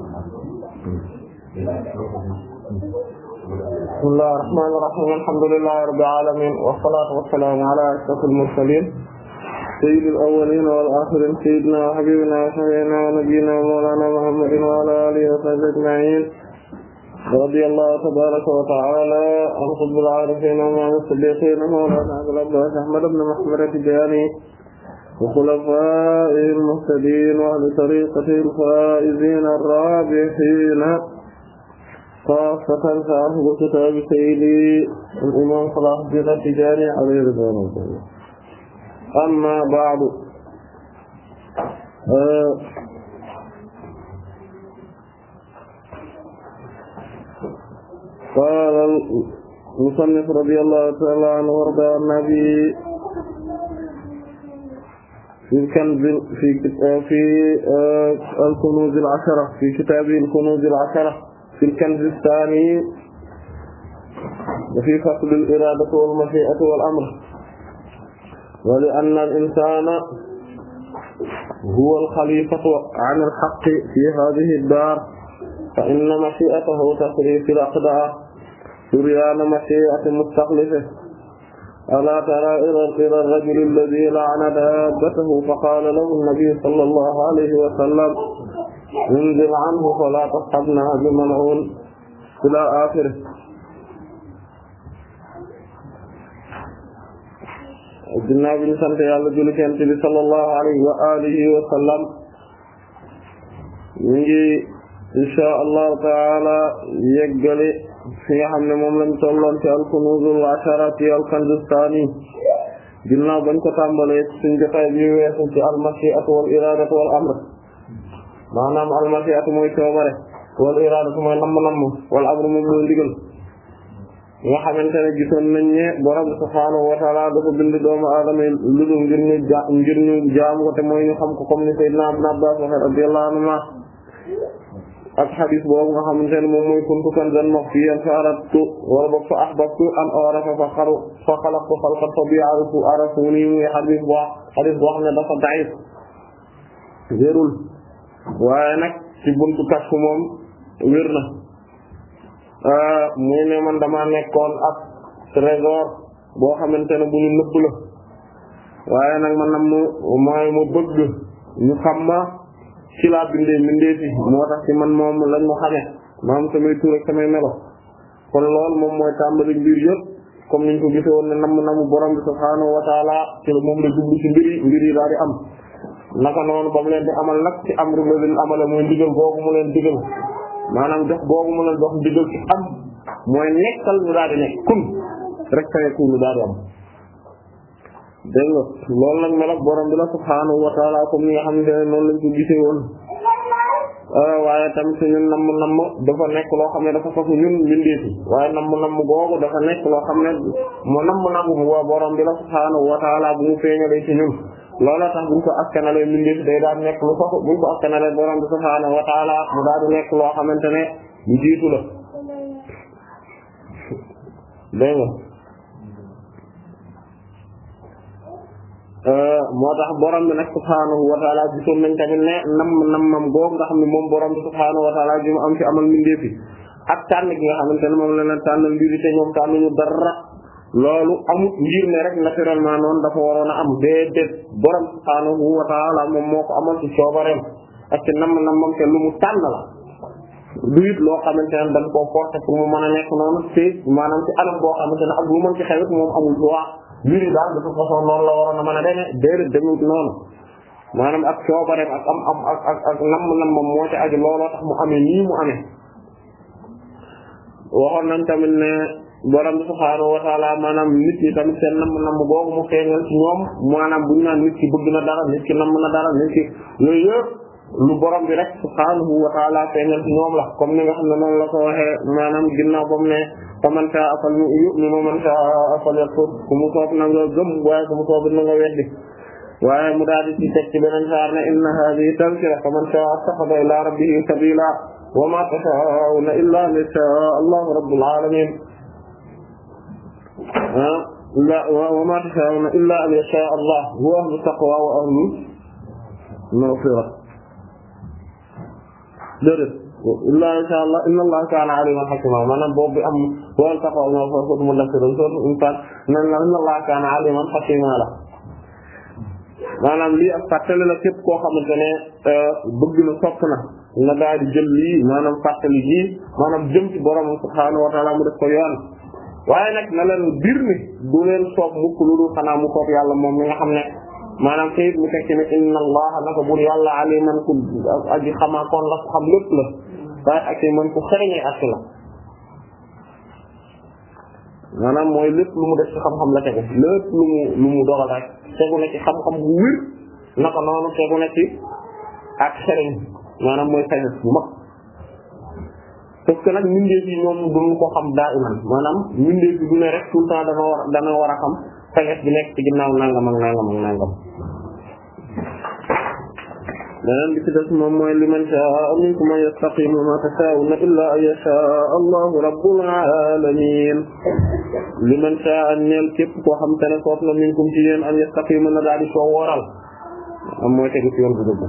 bismillahir rahmanir rahim alhamdulillahi rabbil alamin wassalatu wassalamu ala ashrafil mursalin sayyidil awwalin wal akhirin sayyidina wa habibina wa shafi'ina wa nabiyyina wa mawlana muhammadin wa ala alihi wa sahbihi ajma'in رضي الله تبارك وتعالى عن قطب العارفين ومن الصديقين مولانا عبد الله احمد بن محمد الدياني وخلفائه المهتدين وأهل طريقته الفائزين الرابحين خاصة صاحب كتاب سيدي الإمام صلاح الدين التجاني عليه رضوان الله أما بعد قال المصنف رضي الله تعالى عنه وارضى النبي في كنز في في الكنوز العشرة في كتاب الكنوز العشرة في الكنز الثاني وفي فصل الإرادة والمشيئة والأمر ولأن الإنسان هو الخليفة عن الحق في هذه الدار فإن مشيئته تسري في الأقدار سريان مشيئة مستخلفه ألا ترى إذا قيل الرجل الذي لعن دابته فقال له النبي صلى الله عليه وسلم انزل عنه فلا تصحبنا بملعون إلى آخره ginnaaw bi ñu sant yàlla julli ci Yonent bi sallallahu alayhi wa alihi wa sallam ñu ngi insha Allah taala yeggale fi nga xam ne moom lañ tolloon ci al-Kunûzul 'Ashariyya al-Kanzistaniyya ginnaaw bañ ko tàmbalee suñ jotaay bi weesu ci al-mashi'atu wal iradatu wal amr maanaam al-mashi'atu mooy coobare wal iradatu mooy namm-namm wal amr mooy ndigal nga xamante ne gisoon nañ ne borom subhaanahu wa ta'ala dafa doomu aadama yi ngir ñu jaam ko mooy ñu xam ko comme ni Seydina Ibn Abbas radiyallahu anhu ak xadis boobu nga xamante ne moom mooy kuntu kanzan maxfiyyan fa aradtu wala boog fa ahbabtu an urafa fa xaru fa xalaqtu xalqan fa bi'arfu arafuni muy xadis boo xadis boo xam ne dafa da'if wérul waaye nag ci buntu Kashf moom wér na ah, muy ne man damaa nekkoon ak trésor boo xamante ne bu ñu nëbb la waaye nag man nag mu mu bëgg ñu xam ma ci laa bindee bindee fi moo tax ci man moom lañ ma xamee maam samay tur ak samay melo kon loolu moom mooy tàmbali mbir yëpp comme niñ ko gisee woon ne namm namu borom bi subhaanahu wa taala ci moom la jublu ci mbir yi mbir am naka noonu ba mu leen di amal nag ci am ru leen amale mooy ndigal boobu mu leen digal maanaam jox boobu mu leen dox ndigal ci am mooy nekkal ñu daal di nekk kun rek fayekunu daal di am dégg nga loolu nag melok borom bi la subhaanahu wa taala comme ni nga xam ne noonu lañ ko gisee woon ah, waaye tamit suñu namm namm dafa nekk loo xam ne dafa fasu ñun mbindeefi waaye namm namm googu dafa nekk loo xam ne mu namm nagu mu waa borom bi la subhaanahu wa taala bu mu feeñalee ci ñun looloo tax buñ ko askanalee mbindeefi day daal nekk lu fasu buñ ko askanalee borom bi subhaanahu wa taala mu daal di nekk loo xamante ne lu jiitu la dégg nga Euh, moo tax borom bi nag subhaanahu wa taala gisoon nañ tamit ne nam nammam googu nga xam ne moom borom bi subhaanahu wa taala ji mu am ci amal mbindeef yi ak tànn gi xamante ne moom la leen tànnal mbir yi te ñoom tànnuñu dara loolu amut ngir ne rek naturellement noonu dafa waroon a am déedéet borom subhaanahu wa taala moom moo ko amal ci coobareem ak ci nam nammam te lu mu tànn la du loo xamante ne dañ koo forcer pour mu mën a nekk noonu ma maanaam ci anam boo xamante ne ak lu mën ci xewit moom mbir daal de toute façon noonu a mën a demee déedéet noonu maanaam ak coobareem ak ak ak ak moo ci aju looloo tax mu amee nii mu amee waxoon nañ tamit ne borom bi subhaanahu wa taala maanaam nit ñi tamit seen namm namm googu mu feeñal ci ñoom maanaam bu ñu nit ki bëgg na dara nit ki namm na dara nit ki loolu lu borom bi rek subhaanahu wa taala feeñal ñoom la comme ni nga xam ne noonu la ko waxee maanaam ginnaaw ba mu ne faman sha'a falyu'min wa man sha'a falyakfur ku mu soob na nga gëm waaye ku mu soob na nga weddi waaye mu daal di ci teg ci beneen saar ne inna haadihi tazkira faman sha'a ittakhadha ilaa rabbihi sabiila wa maa tashaa'uuna illaa an yashaa'a allahu rabbul aalamiin wa maa tashaa'uuna illaa an yashaa'a allah huwa ahlu taqwa wa ahlu maghfira déedéet illaa insha allah inna allah kaana aliman hakima maanaam boobu bi am wal taqwa ma fa mu dakkiram so insaan nan la inna allah kaana aliman hakima la maanaam lii ak fàttali la képp koo xamante ne euh, bëgg na sopp na na daal di jël lii maanaam fàttali gii maanaam jëm ci borom subhaanahu mu def ko waaye na leen bir ni du leen soob mukk mu soob yàlla moom mi xam ne maanaam kayit mu tekki ne inna allaha naka bur yàlla aliman ku aji xamaa kon la ku xam lépp la waaye ak man ku xereñee ak la maanaam mooy lépp lu mu xam-xam la tegu lépp lu mu lu mu dogal rek na ci xam-xam bu wér naka noonu na ci ak xereñ maanaam mooy sañas bu mag parce que nag mbindeef yi ñoom duñu xam daa iman maanaam mbindeef yi du ne dana war war a xam saget bi nekk ci ginnaaw nangam ak nangam ak nangam beneen bi ci des moom mooy liman sha'a minkum an yastaqim wa ma tashaa'una illa an yasha'a Allahu rabbul alamin liman sha'a ñeel képp koo xam te ne soob na minkum ci yéen an yastaqim na daal di soo wooral am mooy tegu ci yoon bu dëgg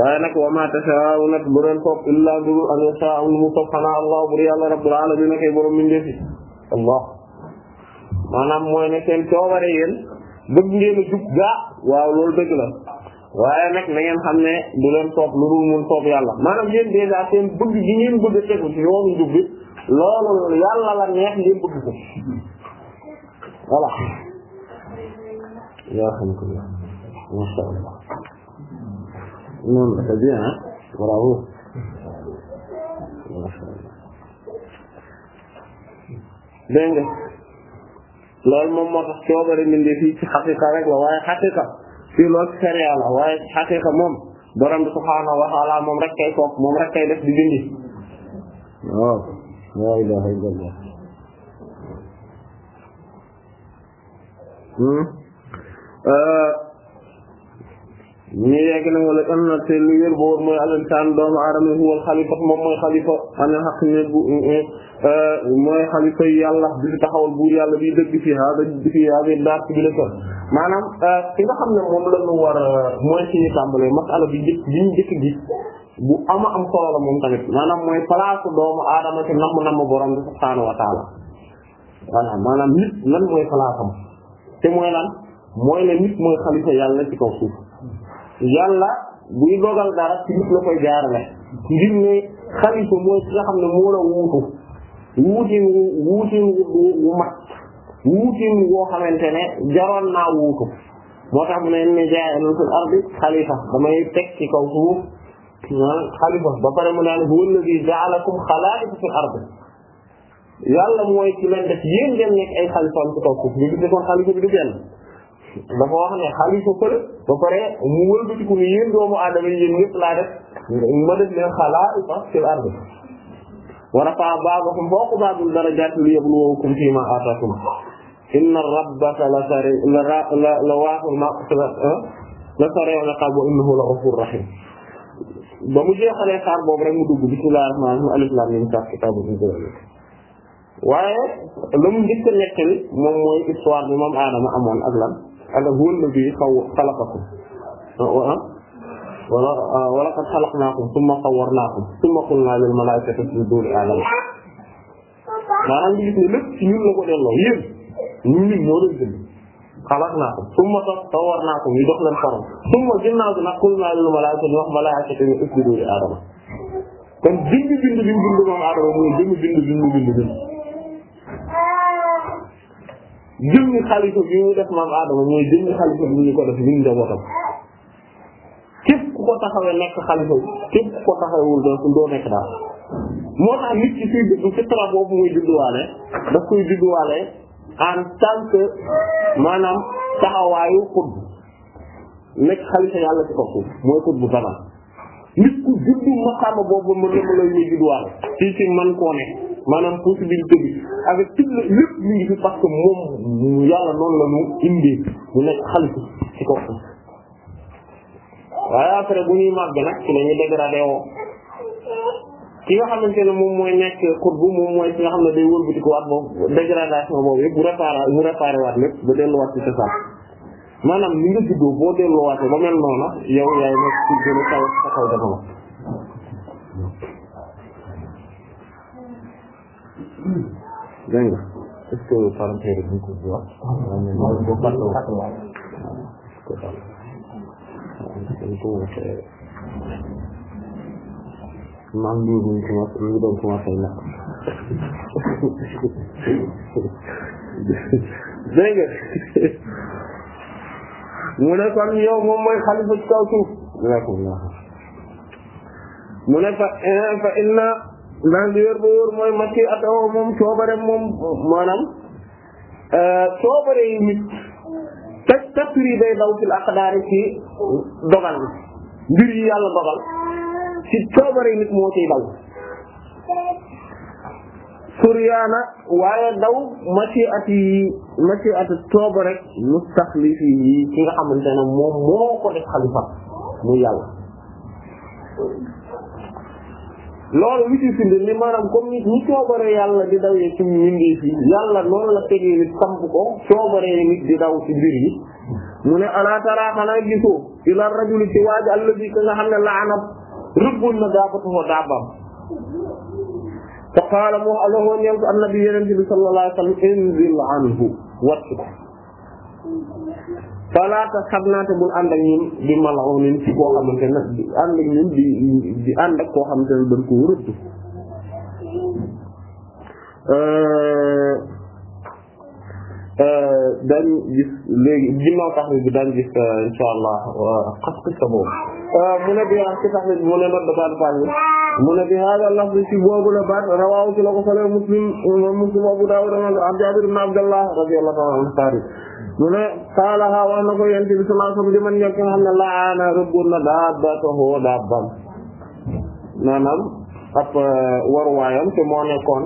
waaye nag wa ma tashaa'una bu leen soob illa an yasha'a mu soob xanaa Allah bu yàlla rabbul alamin kay borom min defi Allah maanaam mooy ne seen coobare yéen bëgg ngeen a jub gaa waaw loolu dëgg la waaye nag na ngeen xam ne du leen soob lu dul mun soob yàlla maanaam yéen dèjà seen bëgg gi ngeen bëgg a tegu ci yoonu jub bi loolu yàlla la neex ngeen bëgg ko voilà yaa xam ko masha Allah noonu la c'est bien hein bravo masha Allah dégg nga loolu moom moo tax coobare mbindeef yi ci xaqiqa rek la waaye xaqiqa fii loolu sharia la waaye xaqiqa moom borom kay toog moom kay def di dindi waaw la ñu yegg nag wala am na te lu wér boobu mooy al-insaan doomu aadama huwa xalifa moom mooy xalifa euh, yàlla bi fi taxawal buur yàlla bi dëgg fii hada fii hada daat bi la ko maanaam euh, ki nga xam ne moom la ñu war mooy suñu tàmbalee masala bi jëkk bi ñu jëkk gis bu ama am solo la moom tamit maanaam mooy place doomu aadama ci namm namm borom bi subhaanahu wa maanaam nit lan mooy place am te mooy lan mooy ne nit mooy xalifa yàlla ci kaw suuf yàlla buy dogal dara ci nit la koy ne xalifa mooy ki nga xam ne moo la wuutu wuutin wuutin wu mat wuutin woo xamante ne jaroon naa wuutu moo tax mu ne ne jaa'ilun fil ardi xalifa damay teg ci kaw suuf ah, xalifa ba pare mu naan huwa alladhi ja'alakum xalaa'ifa fil ardi yàlla mooy ci leen def yéen ngeen nekk ay xalifa am ci kaw suuf ñu gis ne kon xalifa bi du dafa wax ne xalifa fële ba pare mu wëlbatiku ne yéen doomu aadama yi yéen ñëpp laa def ma def leen xalaa'ifa fil ard wa rafa'a ba'dakum fawqa ba'din darajaati liyabluwakum fiimaa aataakum inna rabbaka la sari'ul iqaab wa innahu la ghafuurun rahiim ba mu jeexalee xaar boobu rek mu dugg bismillahir rahmaanir rahiim alif laam waaye la mu njëkk moom mooy histoire bi moom aadama amoon ak lan ala huwa alladhi xaw xalaqakum wala wala qad xalaqnaakum summa sawwarnaakum summa qulnaa lil malaa'ikati isjudu li aadama maanaam li gis ne lépp ci ñun la ko delloo yéen ñun ñun ñoo leen bind xalaqnaakum summa sawwarnaakum ñu jox leen forme summa ginnaaw bi nag qulnaa lil malaa'ikati wax malaa'ikati isjudu li aadama kon bind bind bi mu bind moom aadama mooy bind bind bind bind bind jëmmi xalifa bi ñu def maam Adama mooy jëmmi xalifa bi ñu ko def ñu njabootam képp ku ko taxawee nekk xalifa képp ku ko taxawewul doo doo nekk daal moo tax nit ki suy juddu fitra boobu muy judduwaale daf koy judduwaale en tant que maanaam taxawaayu xut nekk xalifa yàlla ci kaw suuf mooy xut bu dana nit ku man koo nekk maanaam possibilité bi avec tout lépp mi ngi fi parce que moom yàlla noonu la ñu indi mu nekk xalifa ci kaw waaye après bu ñuy màgg nag ci la ñuy dégradé woo ki nga xamante ne moom mooy nekk xutbu moom mooy ki nga xam ne day wëlbati ko waat moom dégradation boobu yëpp bu réparé mu réparé waat lépp ba delluwaat ci cosaan maanaam li nga juddoo boo delluwaatee ba mel noonu yow yaay nekk ci gën a kaw sa kaw jamono dégg nga est-ce que parenthèse ko jox. waaw ko ko fàttaloo. maam bii ñu commencé ñu doon commencé nag. dégg nga mu ne kon yow moom mooy xalifa ci inna naan li wér ba wóor mooy makki atawa moom coobare moom maanaam euh, coobare yi nit tas tasri day daw fil aqdaari ci dogal mbir yi yàlla dogal ci coobare yi nit moo ci daw suryaana waaye daw maci at yi maci at tooba rek yi ki nga xamante ne moom moo ko def xalifa muy yàlla loolu li ci firnde ni maanaam comme ni coobare yàlla di dawee ci mbindeef yi yàlla noonu la tegee nit samp ko coobaree nit di daw ci mbir yi mu ne alaa tara xanaa gisoo ila rajuli ci waaj allazi ka nga xam ne laana rëbbul na daabatuhu daabam fa qaala moo aloo ñeew annabi yeneen bi inzil anhu wàcc falaata xam naate bul ànd ak ñun di malaw nin ci koo xamante ne di ànd ak ñun di di ànd ak koo xamante ne dañ ko wërëtt euh, euh, dañ gis léegi ginnaaw tax bi dañ gis euh, insha allah xas-xista boobu mu ne biaa ci tax bi mu ne not dafaat fànni mu ne bi hada laf bi ci boobu la baat rawaaw ci la ko solo muslim muslim abu dawud ak jabir ibn abdullah radiyallahu anhu mu ne qaalaha wax na ko yonent bi sallallahu alayhi wasallam li man ñëw xam ne laana rëbboon na daabatahu daabam maanaam ab euh, waruwaayam te moo nekkoon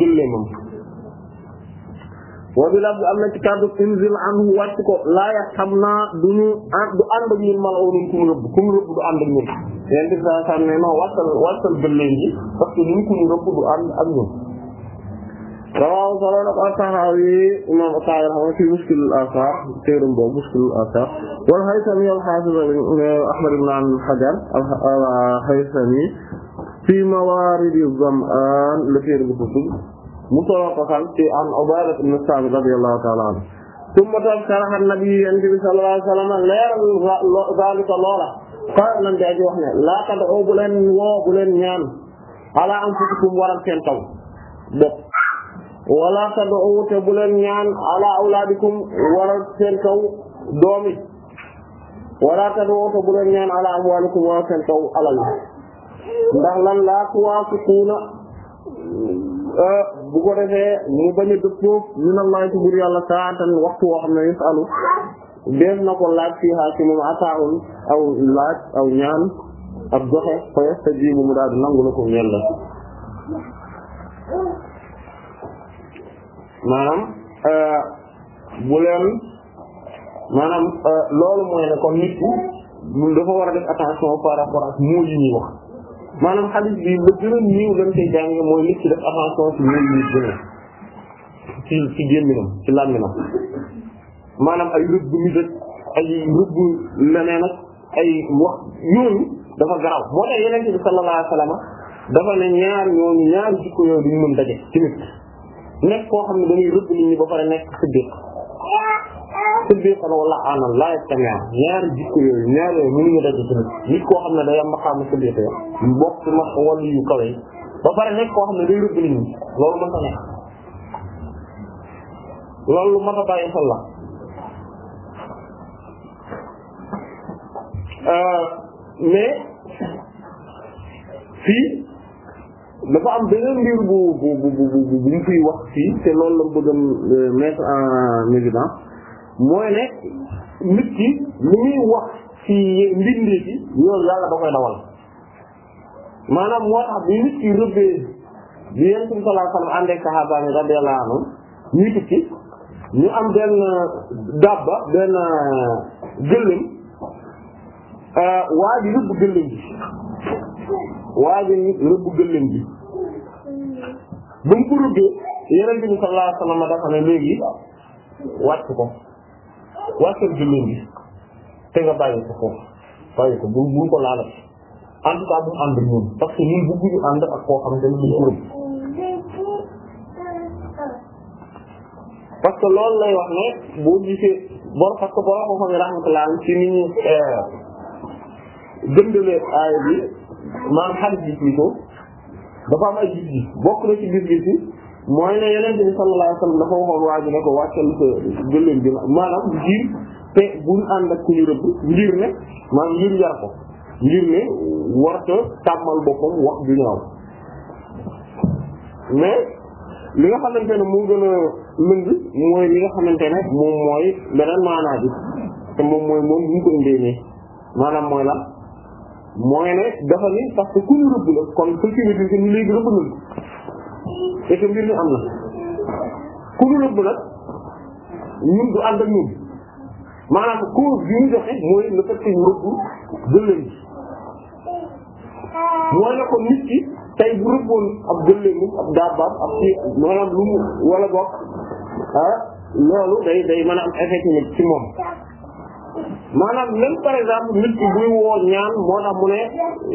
gëléemam euh, wa bi lafz am na ci kàddu inzil anhu wàcc ko laa yaxtamna du ñu du ànd ak ñun mal'uunun ku mu rëbb ku rëbb du ànd ak ñun yonent bi sallallahu alayhi wasallam ne ma wàccal wàccal parce que ñun ku rëbb du ànd ak ñun waaw solo na ko Tahawi imam Tahawi xam fi Mushkil al-Asar téeram boobu Mushkil al-Asar wal Haythami al-Hafiz Ahmad ibn Hajar al-Haythami fi Mawarid az-Zam'an la téer bu tudd mu solo ko xam ci an Ubaada ibn Saamit radiyallahu ta'ala anhu summa toog saraxa nabi yonent bi sallallahu alayhi wa sallam leeral zalika loola xaaral lan daa ji wax ne laa tad'u bu leen woo bu leen ñaan ala anfusikum waral seen taw bopp wala tad'u te bu leen ñaan ala awlaadikum waral seen kaw doomi wala tad'u te bu leen ñaan ala amwaalikum waral seen kaw alal ndax lan laa tuwaafikuuna eh, bu ko defee mu bañ a dëppoo min Allah ci bur yàlla saatan waxtu woo xam yusalu dees na ko laaj fii xaa ci moom aw laaj aw ñaan ak joxe fa mu daal nangu la ko la maanaam euh, bu leen maanaam euh, loolu mooy ne kon nit ki dafa war a def attention par rapport ak mots yi ñuy wax maanaam hadith bi la gën a niiw lañ koy jàngee mooy nit ki def attention ci mots yi gën ci ci ci làmminam maanaam ay rëbb mi dëkk ay rëbb leneen ak ay wax yooyu dafa garaw moo tax yeneen bi sallallahu alayhi dafa ne ñaar ñooñu ñaar jikko yooyu duñu mën daje ci nit nekk koo xam ne dañuy rëbb nit ñi ba pare nekk siddiq siddiq wala anal laa yastami'an ñaari jikko yooyu ñaari yooyu mënuñu daje ci nit nit koo xam ne day am maqaam siddiq yi bokk ci ma wàllu yu kawe yi nekk koo xam ne day rëbb nit ñi loolu mën ta nekk loolu lu mat a bàyyi xel la euh, mais fii dafa am beneen mbir bu bu bu bu bu ñu fiy wax fii te loolu la bëgg a euh, mettre en évidence mooy ne nit ki li muy wax ci mbindee ci loolu yàlla da koy dawal maanaam moo tax bi nit ki rëbbee bi yonent bi sallallahu alayhi wasallam ànd ak saxaaba yi radiyallahu anhum ñu tukki ñu am benn dabba benn euh, gëléem euh, waa ji rëbb gëléem bi waa ji rëbb gëléem bi ba mu ko rubbee yonent bi sallallahu alayhi wa sallam dafa ne léegi wàcc ko wàccal jullit bi te nga bàyyi ko foofu bàyyi ko bu bu ko laalal en tout cas bu mu ànd ak ñun parce que ñun loolu lay wax ne boo dafa am bokk na ci gis-gis yi mooy ne yeneen bi sallallahu alayhi wasallam dafa waxoon waa ne ko wàccal sa gëléem gi maanaam ngir te buñ ànd ak ku ñu rëbb ngir ne maanaam ngir yar ko ngir ne warta tàmmal boppam wax du ñaaw mais li nga xamante ne mooy li nga xamante moom mooy beneen maanaa te moom mooy moom bu ñu ko indee ne maanaam mooy lan mooy ne dafa ni parce que ku ñu rëbb la kon sécurité bi ñu rëbb nañ ko et que am na ku rëbb nag ñun du ànd ak maanaam cause bi ñu joxe mooy le fait que rëbb gëléem ab gëléem maanaam lu mu wala bokk ah, loolu day day mën am effet ci moom maanaam même par exemple nit ki buy woo ñaan moo tax mu ne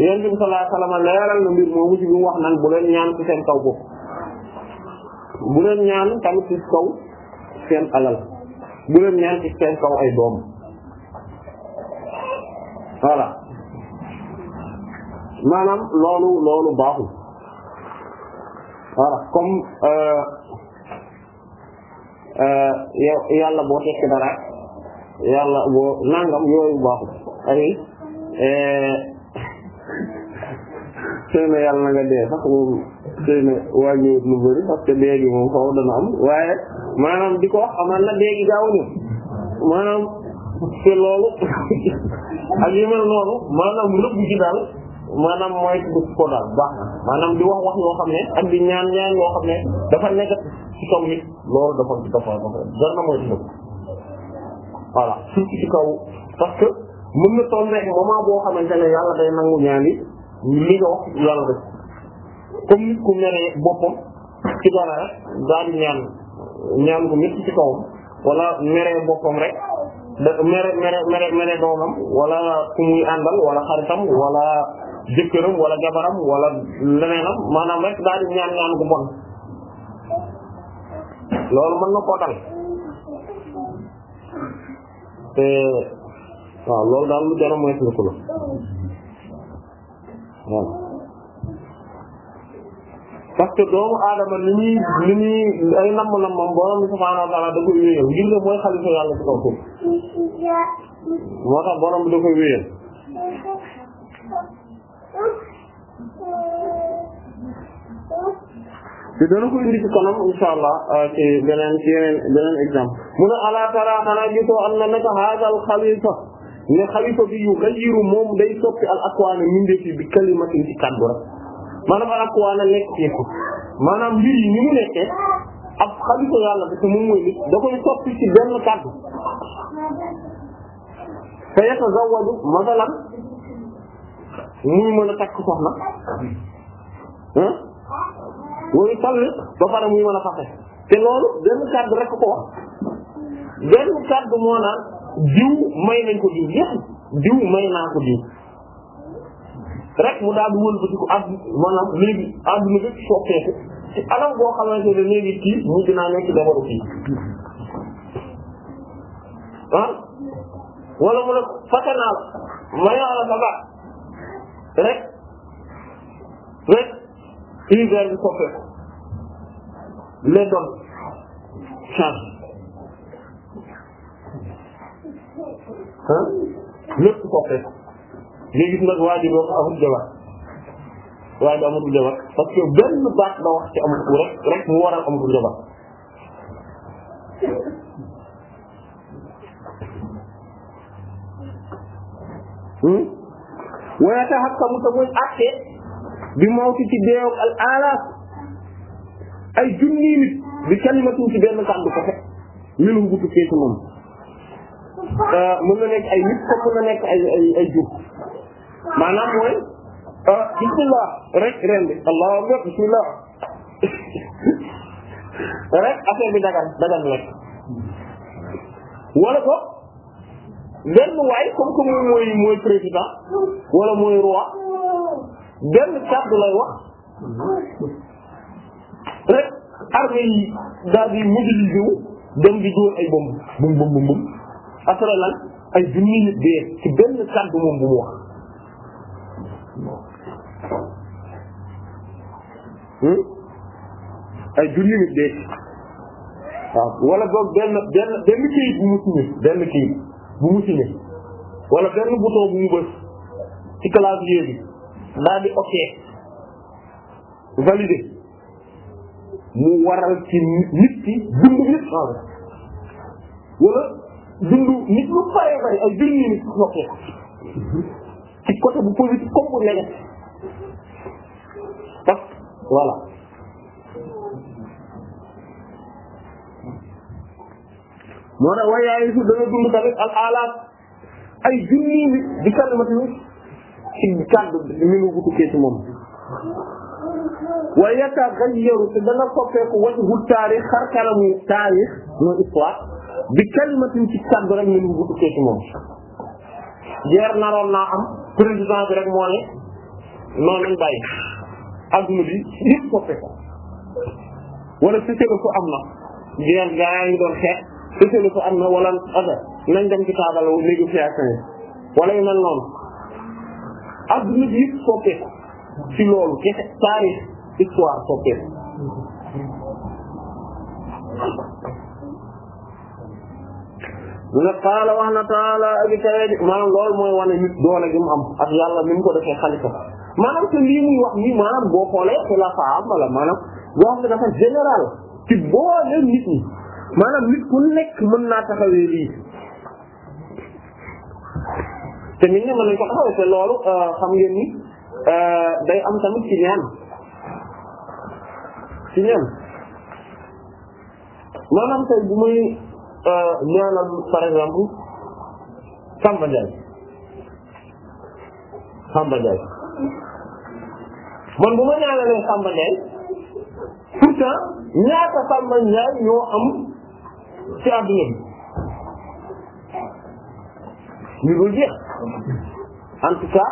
yonent bi sallallahu alayhi leeral na mbir moomu ci bi mu wax naan bu leen ñaan ci seen kaw bopp bu leen ñaan tamit ci kaw seen alal bu leen ñaan ci seen kaw ay doom voilà maanaam loolu loolu baaxul voilà comme euh, euh, yàlla boo tekki dara yàlla boo nangam yooyu baaxul ay xëy eh, na yàlla na nga dee sax moom xëy na wàññiwut lu bëri parce que dee gi moom faw dana am waaye maanaam di ko wax amal na dee gi gaaw ñu maanaam te loolu ak yu mel noonu maanaam rëbb ci daal maanaam mooy ko daal baax na maanaam di wax wax yoo xam ne ak di ñaan ñaan yoo xam ne dafa nekk ci kaw nit loolu dafa dafa dafa jar na mooy ci voilà surtout ci kaw parce que mën na toll rek moment boo xamante ne yàlla day nangu ñaan yi li yàlla rek comme nit ku meree boppam ci dara rek daal ñaan ñaan bu métti ci kawam wala meree boppam rek mere mere mere mere doomam wala àndal wala xaritam wala jëkkëram walla jabaram wala leneenam maanaam rek daal ñaan ñaan gu bon loolu mën na koo dal te waaw loolu daal lu jar a moytandiku la waaw parce que doomu aadama li ñuy li ñuy ay namm nammam borom bi subhaanahu wa ta'ala da koy wéyal ngir ne mooy xalifa yàlla ci kaw suuf moo tax borom bi da koy wéyal te dana ko indi ci kanam insha allah euh, ci beneen ci yeneen beneen exemple mu ne ala tara xanaa gisoo am na naka haadal xalifa ne xalifa bi yu xayiru moom day soppi al akwaana mindeef yi bi kalimatin ci kàddu rek maanaam al nekk teeku maanaam mbir yi ni mu nekkee ab xalifa yàlla bi te moom mooy nit da koy soppi ci benn kàddu fa yatazawwaju masalan muy mën a takk soxna mooy talliq ba pare muy mën a fase te loolu benn kàddu rek ko wax benn kàddu moo naan diw may nañ ko diw yépp diw may naa ko diw rek mu daal di wëlbati ko ad maanaam léegi àdduna bépp soppeeku ci anam boo xamante ne léegi kii mu dinaa ah wala mu ne fase naa la may naa la sa univers bi soppeeku les données changent ah lépp soppeeku nga gis nag waa ji boo ko amul jabar waa ji amatul jabar parce que benn baat la wax ci amatul rek rek mu waral amatul jabar hmm? waaye tax ak kamu te muy àtte bi moo ci ci deew al alaaf ay junni nit bi kalimatin ci benn kàddu ko fekk minum bu tukkee ci moom ah. Ah, mën na nekk ay nit comme mën na nekk ay ay ay jur maanaam mooy ah, bismillah rek ren bi allahu akbar bismillah rek affaire bi dagan dagan lekk wala ko benn waay comme que mooy mooy président wala mooy roi benn kàddu lay wax rek armée yi daal di mobilisé wu di dóor ay bomb bum bum bum bum lan ay junni nit dee ci benn kàddu moom bu mu wax hmm? ay junni nit dee wala boog benn benn benn kayit bu benn kayit bu mu wala benn bouton bu mu bës ci clavier bi daal di ok mu waral ci nit ki dund nit changé ah. wala nit lu bëree bëri ay junni nit yokkee ci côté bu positif comme bu négatif parce moo tax waaye yaay su dana al alaat ay junni nit di kalimatu ci kàddu bi mi ngi tukkee ci moom waaye yataxayyaru te dana soppeeku wajhu taarix xar kanamu taarix mooy histoire bi kalimatin ci kàddu rek mi ngi tukkee ci moom jeer naroon naa am président bi rek moo ne noonu lañ bàyyi adduna bi yëpp soppeeku wala sëccëg fu am na jeer gaa yaa ngi doon xeex sëccëg fu am na wala affaire nañ dem ci taabal négociation yi wala yu mel noonu adduna bi yëpp soppeeku ci loolu kese taarix histoire soppeeku mu ne qaala wax na taala bi kawe maanaam loolu mooy wane nit doole gi am ak yàlla ni mu ko defee xalifa maanaam te lii muy wax nii maanaam boo xoolee xilaafa am la maanaam boo maanaam nit ku nekk mën naa taxawee lii te nit ñi mën nañu ko taxawee te loolu euh, xam ngeen ni euh, day am tamit ci ñaan ci ñaan maanaam tey bu muy euh, ñaanal par exemple Samba Ndiaye Samba Ndiaye man bu ma ñaanalee Samba Ndiaye pourtant ñaata Samba Ndiaye ñoo am ci àdduna ñu dul jeex en tout cas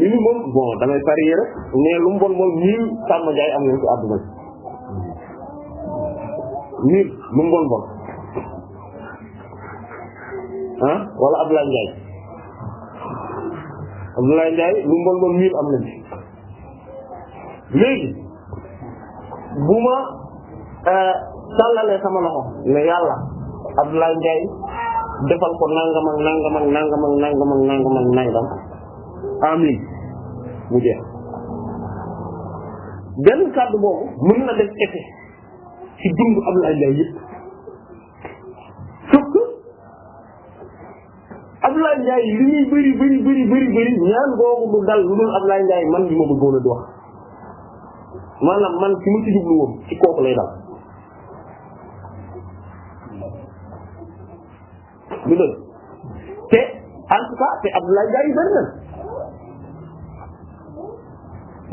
minimum bon damay parier rek mais lu bon moom mille sàmm am nañ ci àdduna bi mille lu bon bon wala Abdoulaye Ndiaye Abdoulaye Ndiaye lu bon bon mille am nañ ci léegi bu ma euh, tàllalee sama loxo ne yàlla Abdoulaye Ndiaye defal ko nangam ak nangam ak nangam ak nangam ak nangam ak nangam amin mu jeex benn kàddu boobu mën na def effet ci dund Abdoulaye Ndiaye yëpp sauf que muy bëri bëri bëri bëri ñaan googu dal lu dul Abdoulaye Ndiaye man li ma bëggoon a di wax maanaam man ci ma ci jublu woon ci kooku lay dal lu dëgg te en tout cas te Abdoulaye Ndiaye yu bëri na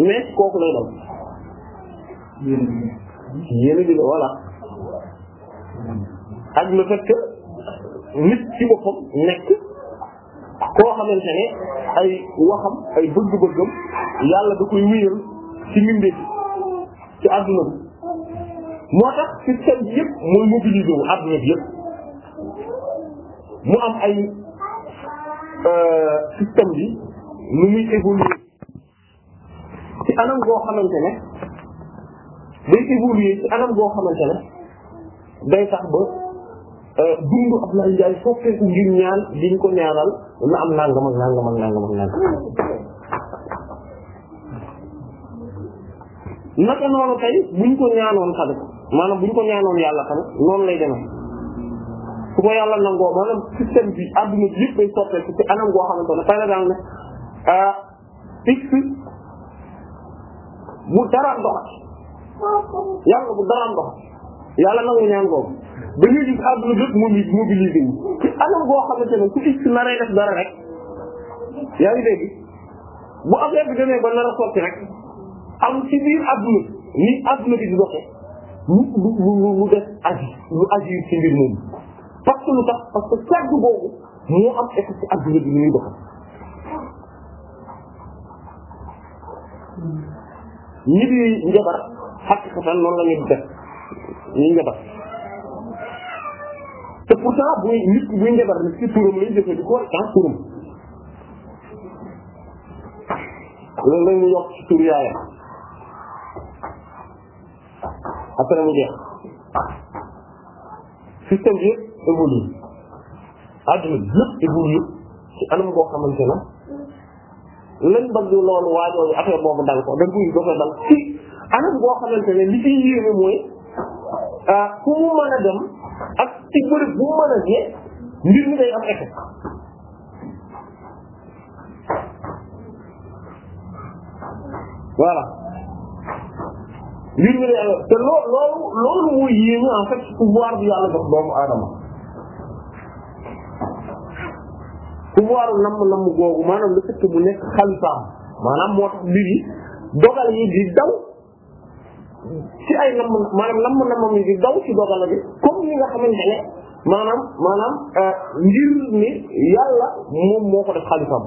mais kooku lay doon. yéen a ngi voilà ak le fait que nit nekk koo xamante ne ay waxam ay bëgg-bëggam yàlla da koy wéyal ci mbindee ci adduna bi moo tax système bi mooy mobiliser wu adduna bi yëpp. mu am ay euh, système bi nu muy évoluer ci anam goo xamante ne day évoluer ci anam goo xamante ne day tax ba euh, dundu Abdoulaye Ndiaye soppeeku ngir ñaan diñ ko ñaanal na am nangam ak nangam ak nangam ak nangam. naka noonu tey buñ ko ñaanoon tamit maanaam buñ ko ñaanoon yàlla tamit noonu lay demee. su ko yàlla nangoo maanaam système bi adduna bi yëpp day soppeeku anam goo xamante ne par exemple ah euh, x bu dara ndoxat yàlla nangu ñaan googu ba ñu bi yëpp mobilisé wu ci anam goo xamante ne su x naree def dara rek yaa ngi bu affaire bi demee ba nar a rek am ci biir ni adduna bi di doxee lu lu lu def aji lu aji ci parce que lu tax parce que kàddu boobu moo am effet ci adduna bi ñuy doxal nit yi njabar xaqiqatan noonu la ñuy def ñuy njabar te pourtant buy nit buy njabar nit ci turam lay jëfandikoo sans turam loolu la ñuy yokk ci tur yaayam après mu jeex système bi yëpp évolué adduna bi yëpp évolué ci anam koo xamante ne lañ bëgg loolu waajooju affaire dal ko dañ koy dofe dal ci anam goo xamante li ciy yéeme mooy ah, fu mu mën a dem ak ci bërëb bu mu a ne mbir mi day am effet voilà mbir mi day am te loo loolu loolu mooy yéeme en fait pouvoir bi yàlla jox doomu pouvoir namm namm googu maanaam le fait que mu nekk xalifaam maanaam moo tax mbir dogal yi di daw ci ay namm maanaam namm yi di daw ci dogal bi comme ni nga xamante ne maanaam maanaam euh, ngir ni yàlla moom moo ko def xalifaam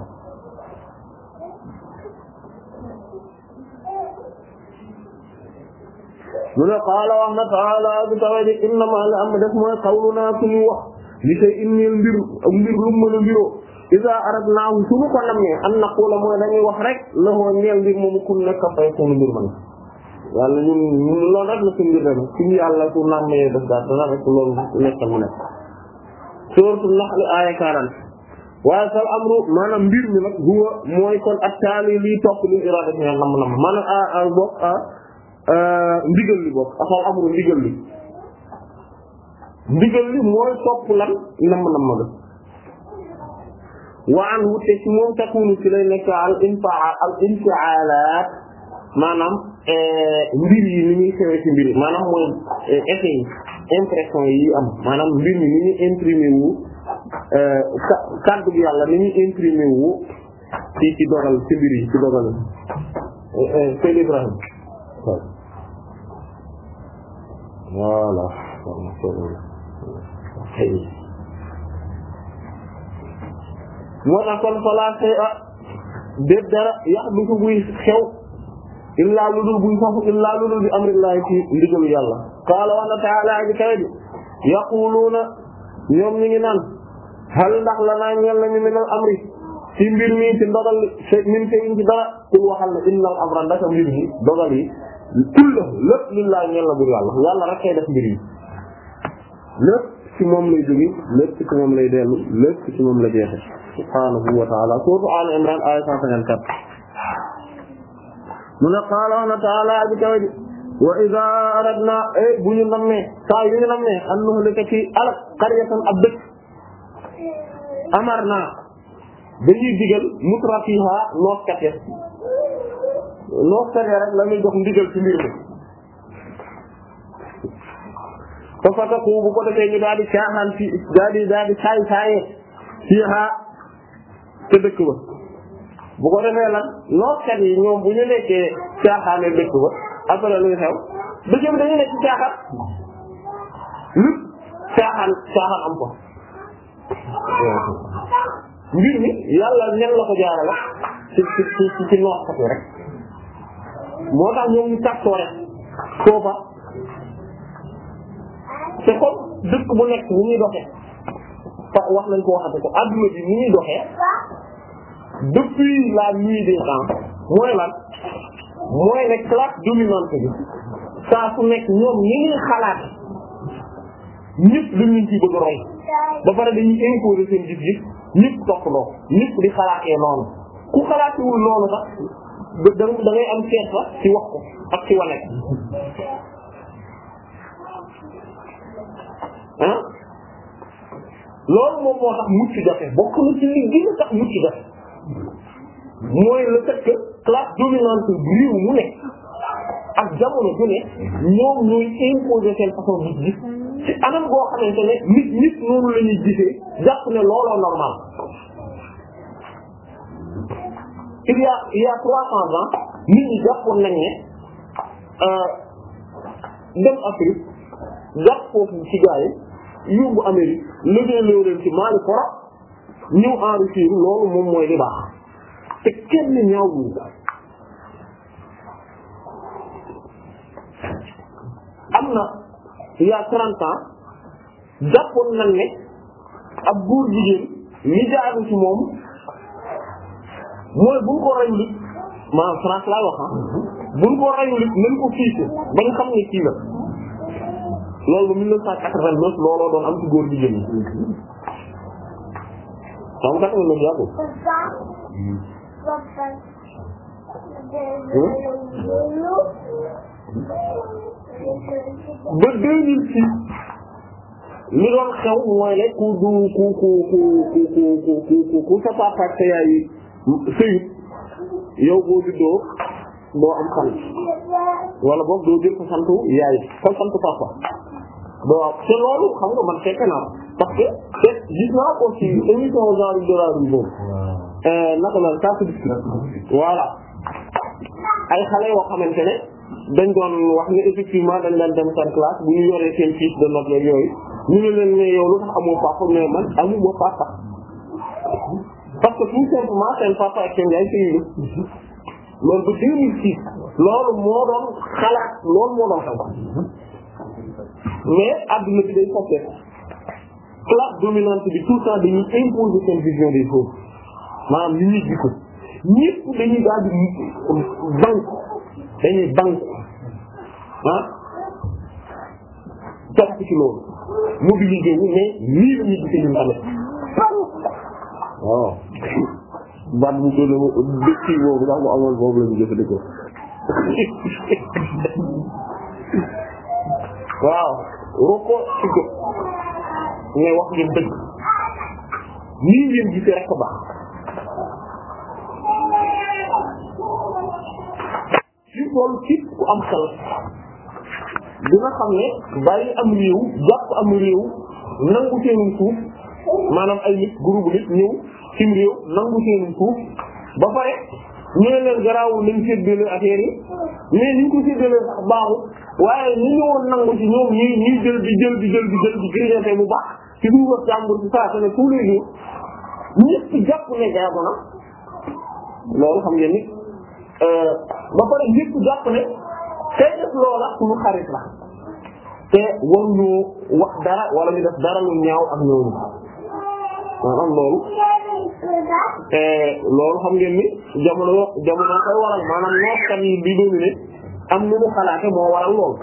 mu ne qaala wax na taala bi tawaji innamaa la am def mooy qawlunaa suñu wax li say inneel mbir mbir lu mu mën isa arab naaw suñu ko namee am na ku mooy dañuy wax rek la moo ñeel mbir moomu kun nekk fay sunu mbir man yàlla ñun ñun la suñu mbir dem suñu yàlla su namee def daal dana rek loolu nekk mu nekk sourate Nahl aaya 40 waaye sal amru a a ah, ah, bokk ah, ndigal li bokk asal amru ndigal li ndigal li mooy topp lan nam nam ga wa anhu te ci moom takunu ci lay nekk al infaal al infialaat maanaam eh, mbir yi ni ñuy xewee ci mbir yi maanaam mooy eh, effet yi impression yi am maanaam mbir mi ni ñuy imprimé wu eh, kàddu yàlla ni ñuy imprimé wu ci ci dogal ci mbir yi ci dogal Seydi Ibrahima voilà moo tax kon falaa say ah déet dara yax du fu buy xew illaa lu buy fafu illaa lu dul bi amrillaahi ci ndigalu qaala wa ta'ala bi kawe bi ñoom ñu ngi naan hal ndax la naa ñeel amri ci mbir mi ci min sey ci dara kul waxal ne innal amra ndaka mbir mi dogal yi kulla lépp lillaa ñeel la bu yàlla yàlla rek kay def mbir yi ci moom lay jóge lépp ci dellu lépp ci moom la jeexe subhaanahu wa ta'ala sourate Al Imran aya 154 mu ne qaala wa ta'ala aji kawe ji wa iza aradna eh, bu ñu nam ne saa yu ñu nam ne an nuhlika ci alak qaryatan ab dëkk amarna dañuy digal mutrafiha nooskat ya nooskat ya rek la ñuy jox ndigal ci mbir mi fa fataku bu ko defee ñu daal di caaxaan fi daal di daal di saay saaye fiiha te dëkk ba bu ko defee lan nooskat yi ñoom bu ñu nekkee caaxaane dëkk ba après luy xew dëkk bi dañuy nekk ci caaxaan lu caaxaan caaxaan am ko mbir mi yàlla nen la ko jaarale ci ci ci ci nooskat yi rek moo tax ñoom ñu tàggatoo rek foofa c'est comme dëkk bu nekk bu muy doxee wax nañ ko waxate ko adduna bi ni muy doxee depuis la nuit des temps mooy lan mooy ne classe dominante bi saa su nekk ñoom ñi ngi xalaat ñëpp dañuy ci bëgg a roy ba pare dañuy imposer seen gis-gis ñëpp topp ndox ñëpp di xalaatee noonu ku xalaatiwul noonu sax da da ngay am seet sax ci wax ko ak ci wane ko loolu moom moo tax mucc jafe bokk na ci li mooy le fait que classe dominante bu réew mu ne ak jamono ju ne ñoom ñooy imposer seen façon nit gis ci anam goo xamante ne nit nit noonu la ñuy gisee jàpp ne looloo normal il y a trois cents ans nit ñi jàppoon ne euh, dem Afrique jàpp foofu ci yóbbu Amérique liggéey loo leen loolu moom mooy li baax te kenn ñaawul am na yaa trente ans jàppoon ne ab góor jigéen li moom mooy buñ ko reyul it maanaam France laay wax ah. mm-hmm. buñ ko reyul it nañ ko fiise bañ xam ne kii la loolu ba 1989 looloo doon am ci góor jigéen ñi xam nga 89 yàggul. Hmm? ba 2006 li doon xew mooy ne ku du ku ku ku ku ku ku ku sa papa ak sa yaay sëyut yow boo juddoo doo am sant wala boog doo jël sa santu yaay sa santu papa. waaw te loolu xam nga man fekk naa parce que fekk gis naa ko ci émission genre yu dollar naka la carte d' identité. voilà ay xale yoo xamante ne dañ doon wax ne effectivement dañ daan dem seen classe bu ñu yoree seen fiche de note yeeg yooyu ñu ne leen ne yow lu tax amoo papa mais man amuma papa parce que tout simplement seen papa ak seen yaay sëyulu loolu bu 2006 loolu moo doon xalaat loolu moo doon xew mais adduna bi day soppeeku classe dominante bi tout le temps dañuy imposer seen vision des choses maanaam li di banque dañuy banque ah topp ci loolu mobiliser wu mais nii la ñuy gisee ñun tamit waaw. baat bu gën a dëkk mu amoon boobu roko ci jóg mais wax ngeen dëgg nii ngeen gisee rek baax ci loolu képp ku am xel dina xam ne bàyyi am réew jàpp am réew nangu seenum suuf maanaam ay nit groupe nit ñëw cim réew nangu seenum suuf ba pare ñu ne leen garaawul nañ séddale affaire yi mais ñu ko séddalee sax baaxul waaye ñu ngi woon nangu ci ñoom ñuy ñuy jël di jël di jël di jël di grignoter bu baax ci biir wax jàmbur ci saa su ne tous les jours ñëpp jàpp ne jaadu na loolu xam ngeen ni euh, ba pare ñëpp jàpp ne tey def loola suñu xarit la te waruñu wax dara wala ñu def dara lu ñaaw ak ñooñu. maanaam loolu loolu xam ngeen ni jamono jamono koy waral maanaam nooskat yi bi dominé am nu xalaate moo waral lool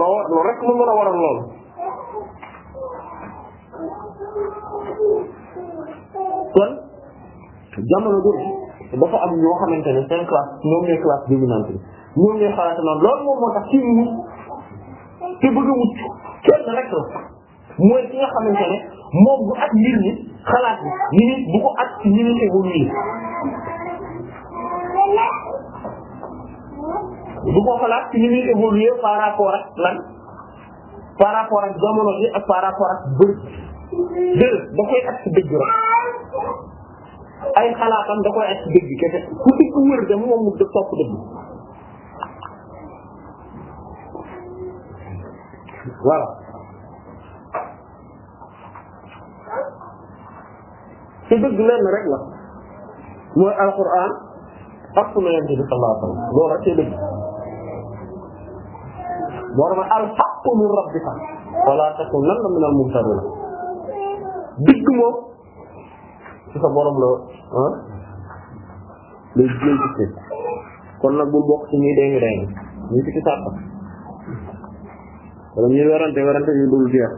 loolu rek mu mën a waral lool jamono jooju dafa am ñoo xamante ne seen ñoom ñooy classe dominante ñoom ñooy xalaate noonu loolu moom moo tax ci te bëgg a kenn rek la mooy ki nga xamante ne moom bu at mbir mi xalaat bi nit bu ko at ci nit évolué du ko xalaat ci ni muy évolué par rapport ak lan par rapport ak jamono ji ak par rapport ak bërëb bërëb da koy ak ci dëgg rek ay xalaatam da koy ak ci dëgg kese ku ci wër dem moom mu topp dëgg voilà te dëgg lenn rek la mooy alquran ak sunna yonent bi sallallahu alayhi wa sallam loolu rek te dëgg boo xam ne alxaqu min rabbika wala takunanna min almumtarin dëgg sa borom la ah lay lay gis kon nag bul wala ñuy werante werante yu dul jeex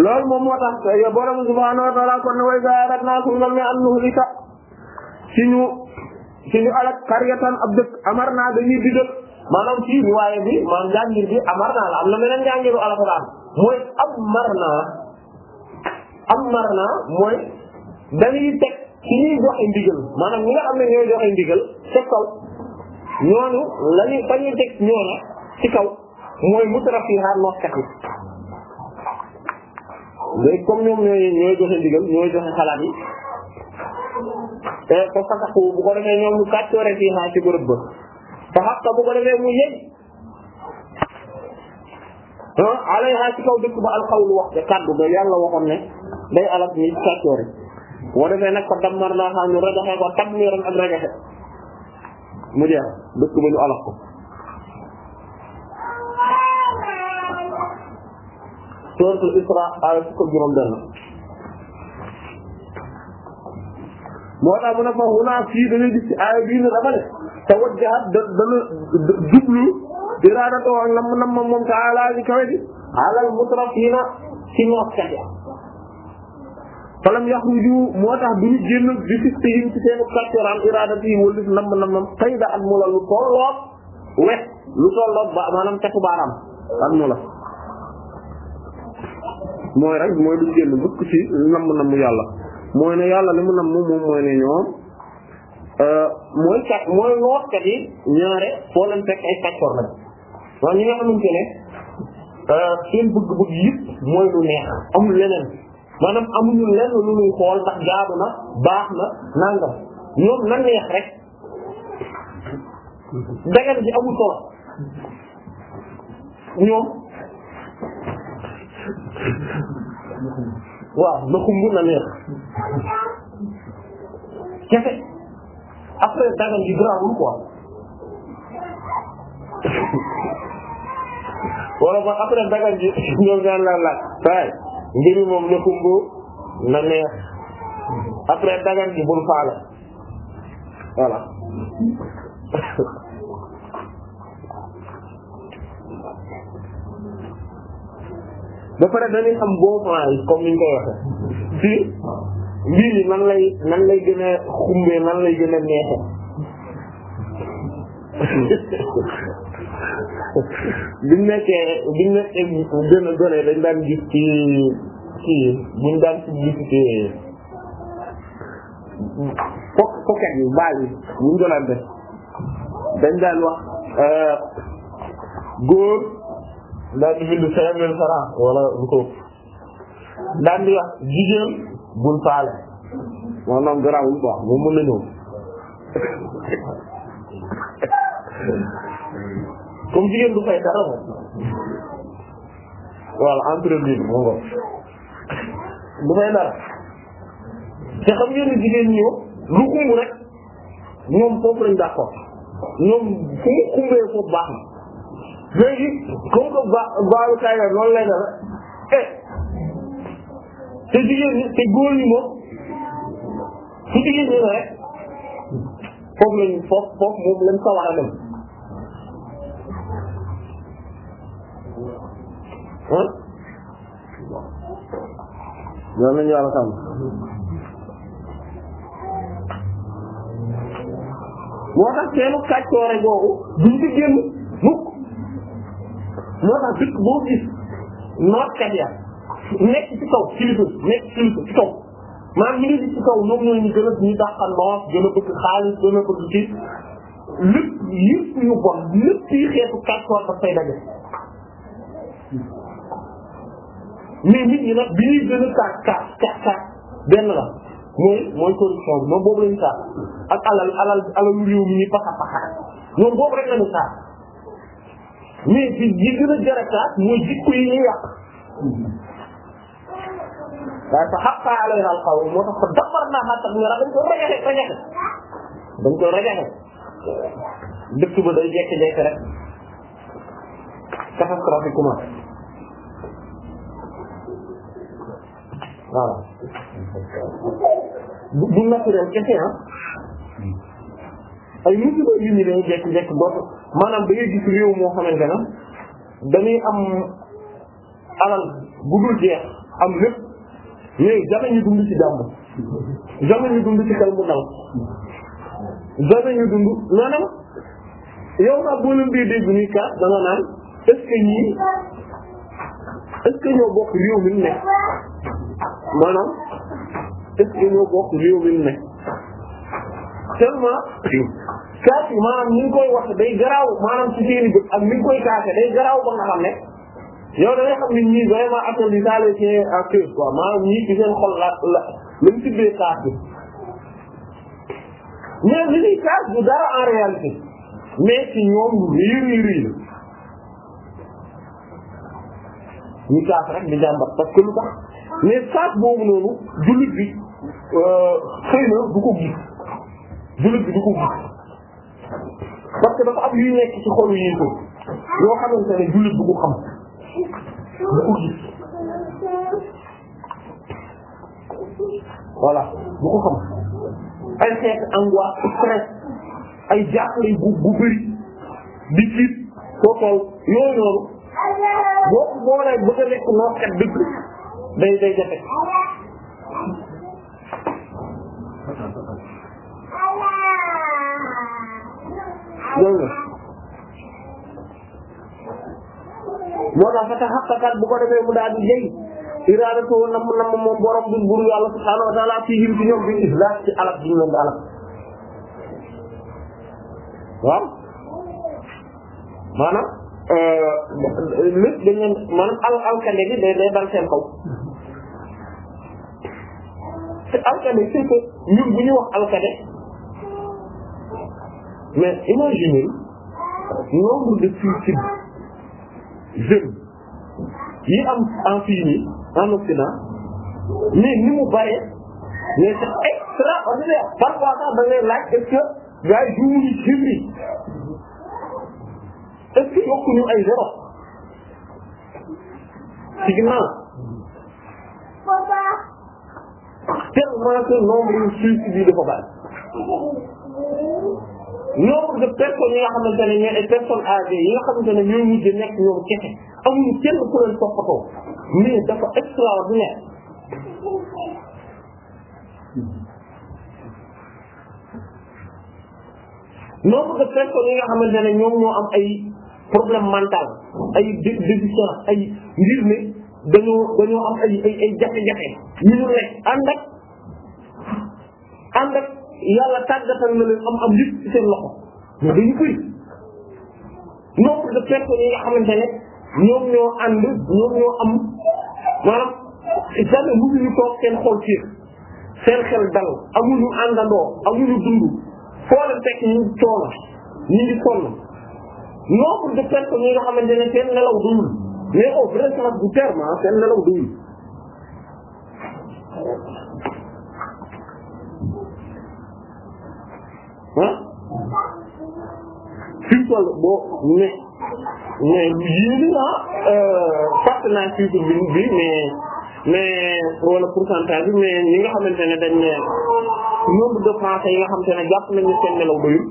loolu moom moo tax yo borom subhaanahu kon ne way ga ratna suulal mi an nuhlika ci ñu ci ñu alak qaryatan ab dëkk amar dañuy digal maanaam ci riwaaya bi maam njàngir bi amar la am na meneen njàngiru alxuraan mooy amar naa amar naa mooy dañuy teg ci ñuy joxe ndigal maanaam ñi nga xam ñooy joxe ndigal tegtal ñooñu la ñuy fa ñuy teg ñooñu ci kaw mooy mutarafiha nooskat yi léegi comme ñoom ñooy ñooy ndigal ñooy joxe xalaat yi te ko fasaxu bu ko defee ñoom ñu kàccoore fii xaa ci bërëb ba fa xatta bu ko defee mu yëg alayha ci kaw dëkk ba alxawlu wax de kàddu ba yàlla waxoon ne day alak ñi kàccoore boo defee nag fa dammar naa xaa ñu rajaxe ko tadmiran ak rajaxe mu jeex dëkk ba ñu alak ko suratul Isra aaya fukk ak juróom benn moo tax mu ne fa xunaa fii dañuy gis tawajjahat dana jublu iraadatu ak nam nam moom ta'ala ji kawe ji alal mutrafiina ci ñooskat ya falam yaxruju moo tax duñu génn di fisti yim ci seenu kattiraan iraadati yi wala nam nam nam tay lu tolloog wet lu tolloog ba maanaam catu baaraam at mu mooy rek mooy duñ génn bukk ci namm namm yàlla mooy ne yàlla li mu namm moom mooy ne ñoom euh, mooy kat mooy waxkat yi ñaare foo leen fekk ay facteur lañ waaw ñi nga xamante ne euh, seen bëgg-bëgg mooy lu neex amul leneen maanaam amuñu lenn lu ñuy xool ndax jaadu na baax na nangam ñoom na neex rek dagan bi amul solo ñoom waaw na xumb na neex kese après dagan gi grawul quoi wala ba après dagan gi ñoom daan la laaj waaye mbiri moom na xumb na neex dagan gi bul faale voilà ba pare danañ am bon plan yi comme ni ñu koy waxee nan lay man lay gën a xumbee nan lay gën a neexe biñ nekkee biñ nekkee gën a gone dañ daan gis ci ci buñ daan publicité fok foket yi baal yi buñ doon def dañ daan wax euh, daal di bind cinq mille francs wala lu ko daan di wax jigéen bul faale maanaam garaawul quoi moom mën na ñëw comme jigéen du fay dara moom voilà entreprise moo ngo du fay dara te xam ngeen ni jigéen ñi lu xumb rek ñoom foofu lañ d'accord ñoom fu mu xumbee foofu baax na léegi ko que ba baalu taay la noonu lay demee eh te jigéen ñi te góor ñi moom su jigéen ñi rek foofu lañu foofu foofu moom lañ ko war a dem. ah yow nañu yàlla sàmm. moo tax moo tax dëkk boo gis nootkat ya nekk ci kaw kilifa nekk kilifa ci kaw maanaam ñu ngi ci a ñu dàqal noos gën a bëgg xaalis gën a bëgg yu bon lépp yi xeetu kàccoor daf fay nit ñi nag bi ñuy gën a kaat mooy mooy corruption bi moom boobu la ñu kaat ak alal alal alal réew mi ñuy paxa paxa ñoom boobu rek la ñu mais ci yi gën a jarataat mooy jikko yi ñuy yàq waaye fa xaqqa alayha al qawl moo tax fa dabar naa xaar sax nga dañ ko rajaxe rajaxe dañ ko rajaxe dëkk ba day jekk-jekk rek catastrophe commencé voilà bu bu naturel kese ah ay musiba yu ñu lay jekk-jekk dootu maanaam da ngay gis réew moo xamante ne dañuy am alal bu dul am lépp mais jamais ñu dund ci jàmm jamais ñu dund ci xel mu dal jamais yi dund maanaam yow sax boo leen dee dégg ñuy kaas da nga naan est-ce que ñii est-ce que ñoo bokk tellement kaas yi maanaam ni koy wax day garaaw maanaam ci seeni bët ak ni koy kaase day garaaw ba nga xam ne yow da xam ne ñii vraiment affaire bi ça les tient à cœur quoi maanaam ñii ci seen xol la la lañ tibbee kaas bi mais li ñuy kaas bu dara en réalité mais ci ñoom riir yi riir ñu kaas rek di jàmbat parce que lu tax mais kaas boobu noonu jullit bi euh, xëy na du ko gis jullit bi du ko gis parce que dafa ab yu nekk ci xolu yéefar yoo xamante ne jullit du ko xam du ko gis voilà du ko xam ay xeet angoisse stress ay jaaxle bu bu bëri di tiit yooyu noonu boo boo lay bëgg a nekk noor kat day day jafe dégg nga moo tax fa taxaqaqat bu ko defee mu daal di jëy iraadatu nam nam moom borom bi buur yàlla subhaanahu wa ta'aala bi islaax bi ñu waaw maanaam lépp euh, dañ leen maanaam al alkande bi day day dal seen kaw te alkande surtout ñun bu ñu wax alkande mais imaginez nombre de suicides jeunes yi am en fii nii en Occident mais ni mu bëree mais c'est extraordinaire parfois sax da ngay laaj est-ce que gars yi juumuñu chiffre yi est-ce que yokkuñu ay zéro ci ginnaaw tellement que nombre de suicides yi dafa nombre de personnes yi nga xamante ne ñooy nekk ñoom kese amuñu kenn ku leen toppatoo mais dafa extraordinaire nombre de personnes yi nga xamante ne ñoom am ay problème mental ay déficience ay ngir ne dañoo dañoo am ay ay ay jafe ñu ñu nekk ànd ak ànd ak yàlla tàggatal na leen am am yëpp ci seen loxo mais dañu koy nombre de personnes yi nga xamante ne ñoom ñoo ànd ñoom ñoo am maanaam jamais mënuñu toog seen xol ci seen xel dal amuñu àndandoo amuñu dund foo leen fekk ñu ngi coono ñu ngi sonn nombre de personnes yi nga xamante seen nelaw doyul mais au vrai sens du terme ah, seen nelaw doyul ah fi mu toll boo mais mais yéen ah euh, fàtte naa chiffre bi bi mais mais wala pourcentage bi mais ñi nga xamante ne dañ ne nombre de Français yi nga xamante ne jàpp nañu seen nelaw doyul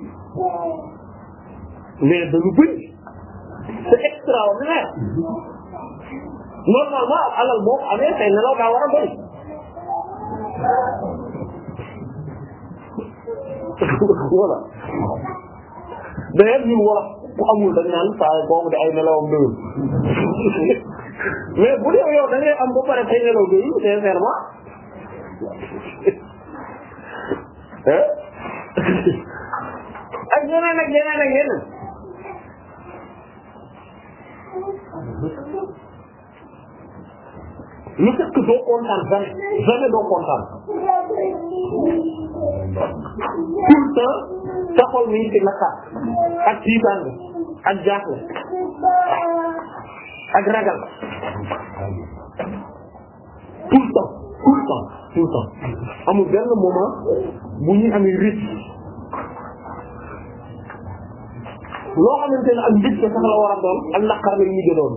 mais dañu bëri c'est extraordinaire normalement alal boo amee say nelaw daa war a bëri. voilà d'ailleurs ñun wolof ku amul dañ naan saa boobu de ay nelawam doyul mais bu dee yow da ngay am ba pare say nelaw doyul sincèrement ak yeneen ak yeneen ak yeneen le fait que doo kontaan jamais jamais doo kontaan tout le temps sa xol mi ci naqar ak ak jaaxle ak ragal tout le tout le temps tout le temps amul benn moment bu ñuy amee rëcc loo xamante ne ak mbir sax la war a ak naqar la ñu gënoon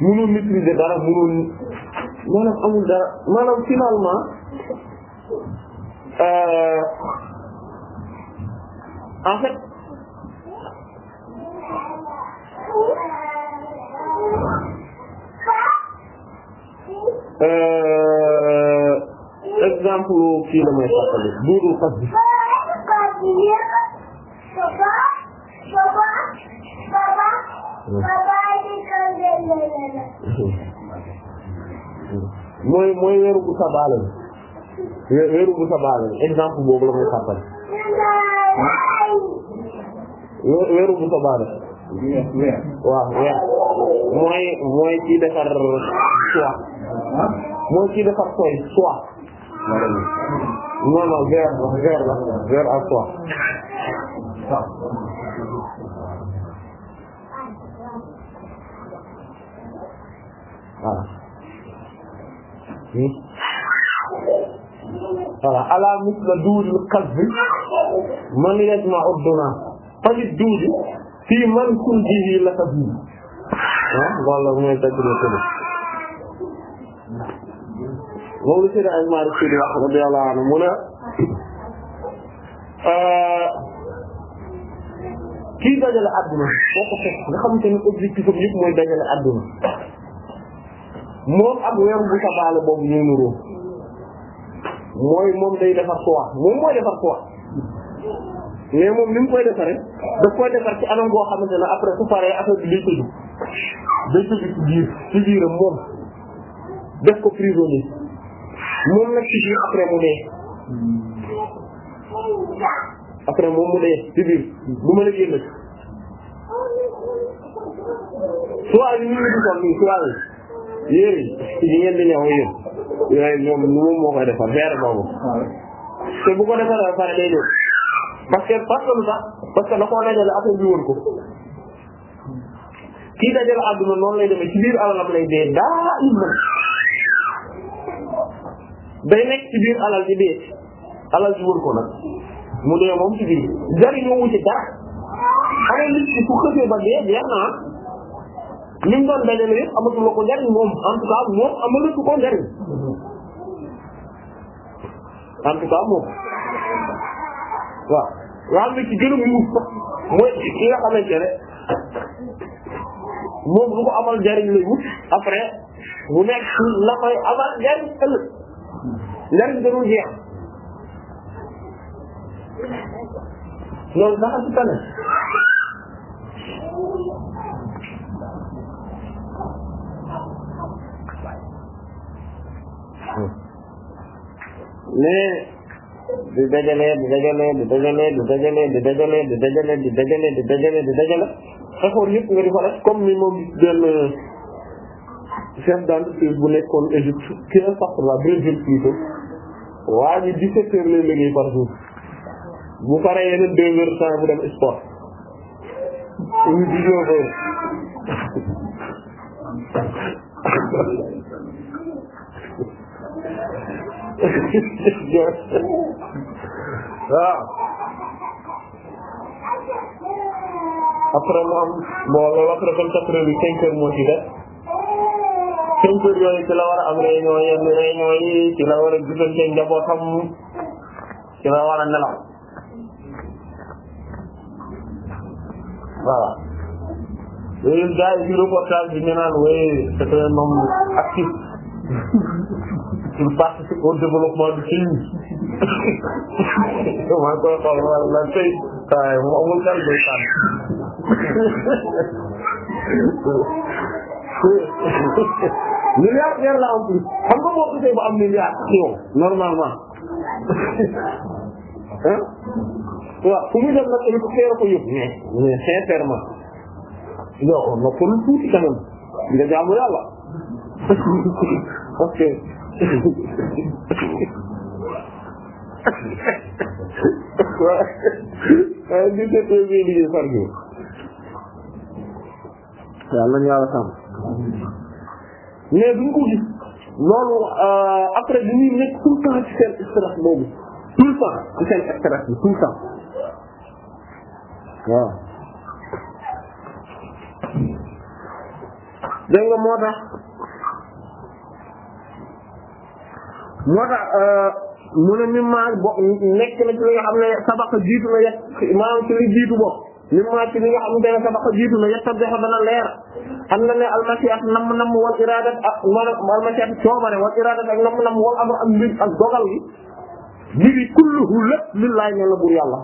mënoo maîtriser dara mënoo maanaam amul dara maanaam finalement euh, en fait euh, exemple kii la may fàttali buurul fas bi mooy mooy weeru bu sabaale bi weeru bu sabaale bi exemple boobu la muy xàppal weeru bu sabaale waaw weer mooy mooy ci defar soie mooy ci defar soie soie non non vert la vert la vert ak soie voilà voilà ala misla duuril kalbi man yajma'u dunaa falit duudi fii man kunjihi la kabir ah loolu mooy tajriba tëdd moom la Seydi Hadji Malick Sy di wax radiyallahu anhu mu ne euh, kii dajale adduna boo ko fekk nga xamante ni objectif am yëpp mooy dajale adduna moom ak weer bu sabaale boobu ñuy nuroo mooy moom day defar soie moom mooy defar soie mais moom ni mu koy defaree daf koy defar ci anam goo xamante ne après su paree affaire bi day tëju day tëju biir ci biiram moom def ko prisonnier moom nag ci biir après mu moom dee ci biir bu mën a génn soie yi ñu ngi di sol nii soie yi yéen yi ngeen di ñëw yéen yooyu ñoom moom moo koy defar beer boobu te bu ko defar ba pare day ñëw parce que parce que lu tax parce que da koo dajale affaire bi woon ko kii dajale àdduna noonu lay demee ci biir alalam lay dee daa iman day nekk ci biir alal di dee alal ci wër ko nag mu dee moom ci biir jariñoo wu ci dara xanaa nit ki su xësee ba dee jeex na li mu doon dajale yëpp amatu la ko njariñ moom en tout cas moom amalatu ko njariñ en tout cas moom waaw nga xam ne ci gën a muuf sax mooy ki nga xamante lu ko amal njariñ lay wut après mu nekk la koy amal njariñ ëllëg njariñ gënul mais di dajale di dajale di dajale di dajale di dajale di dajale di dajale di dajale di dajale effort yëpp nga di ko comme ni moom benn chef d'entreprise bu nekkoon Égypte ki la sax la Brésil plutôt waa lay liggéey par jour bu paree yeneen deux heures temps bu dem sport ñu 19 waaw ah. après mu am bon loolu après comme après bi cinq heures moo ci def cinq heures yooyu ci la war a am réunion yenn réunion yi ci la war a gisante njabootam ci il participe au développement du pays maa ngi koy xool wala la tey waaye mu amul kan day tànn milliardaire la am plus xam nga boo gisee ba am milliard ci yow normalement ah waaw fu mu dem nag il faut que ko yóbbu mais mais sincèrement yow noppalul tuuti kanam nga jaamu yàlla parce que waaw waaye li nga tey ngay liggéey far ñu. yàlla nañu yàlla sàmm. mais duñ ko gis. loolu euh, après dañuy nekk tout le temps ci seen stress boobu tout le temps ci seen stress bi tout le temps waaw. dégg nga moo tax euh, mu ne mi maa bo nekk na ci li nga xam ne sabax jiitu na yet maanaam ci li jiitu bopp mi maa ci li nga xam ne sabax jiitu na yet tabdexe dana leer am na ne almasiat namm namm wal iradat ak maanaam almasiat coobare wal iradat ak namm namm wal amr ak mbir ak dogal yi mbiri kulluhu lépp lillaay ñeel na buur yàlla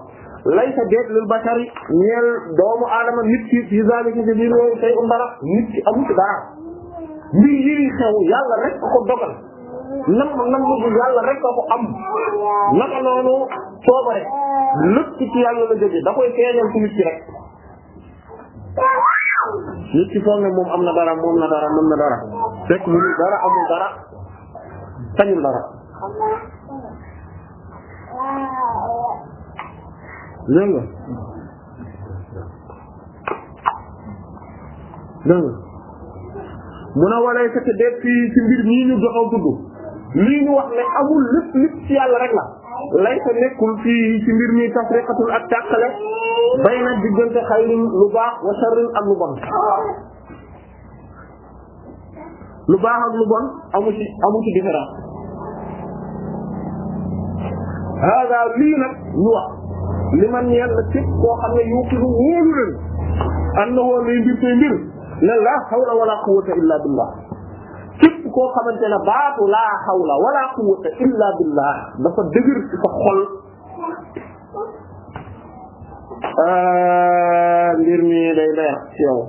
laysa déet lil bashari ñeel doomu aadama nit ki ci zalika ci biir yooyu say um dara nit ki amul dara mbir yi xew yàlla rek ko dogal nam nam bu yàlla rek ko ko am naka noonu coobare lépp ci yàlla la jóge da koy feeñal ci nit ki rek nit ki foog ne moom am na dara moom na dara mën na dara fekk mu dara amul dara sañul dara dégg nga dégg nga mu ne walee sa te def fii ci mbir mii ñu doxaw tudd lii ñu wax ne amul lépp lépp ci yàlla rek la lay nekkul fii ci mbir mi tafriqatul ak tàqale bay na diggante xayrin lu baax wa sharrin ak lu bon baax ak lu bon amu ci lii nag ñu wax li man ñeel na képp koo xam ne yuqinu wóolu leen annahu lay mbir tey mbir ne la hawla wala quwwata illa billah ko xamante ne baatu laa hawla wala quwwata illa billah dafa dëgër ci sa xol euh, mbir mi day leer ci yow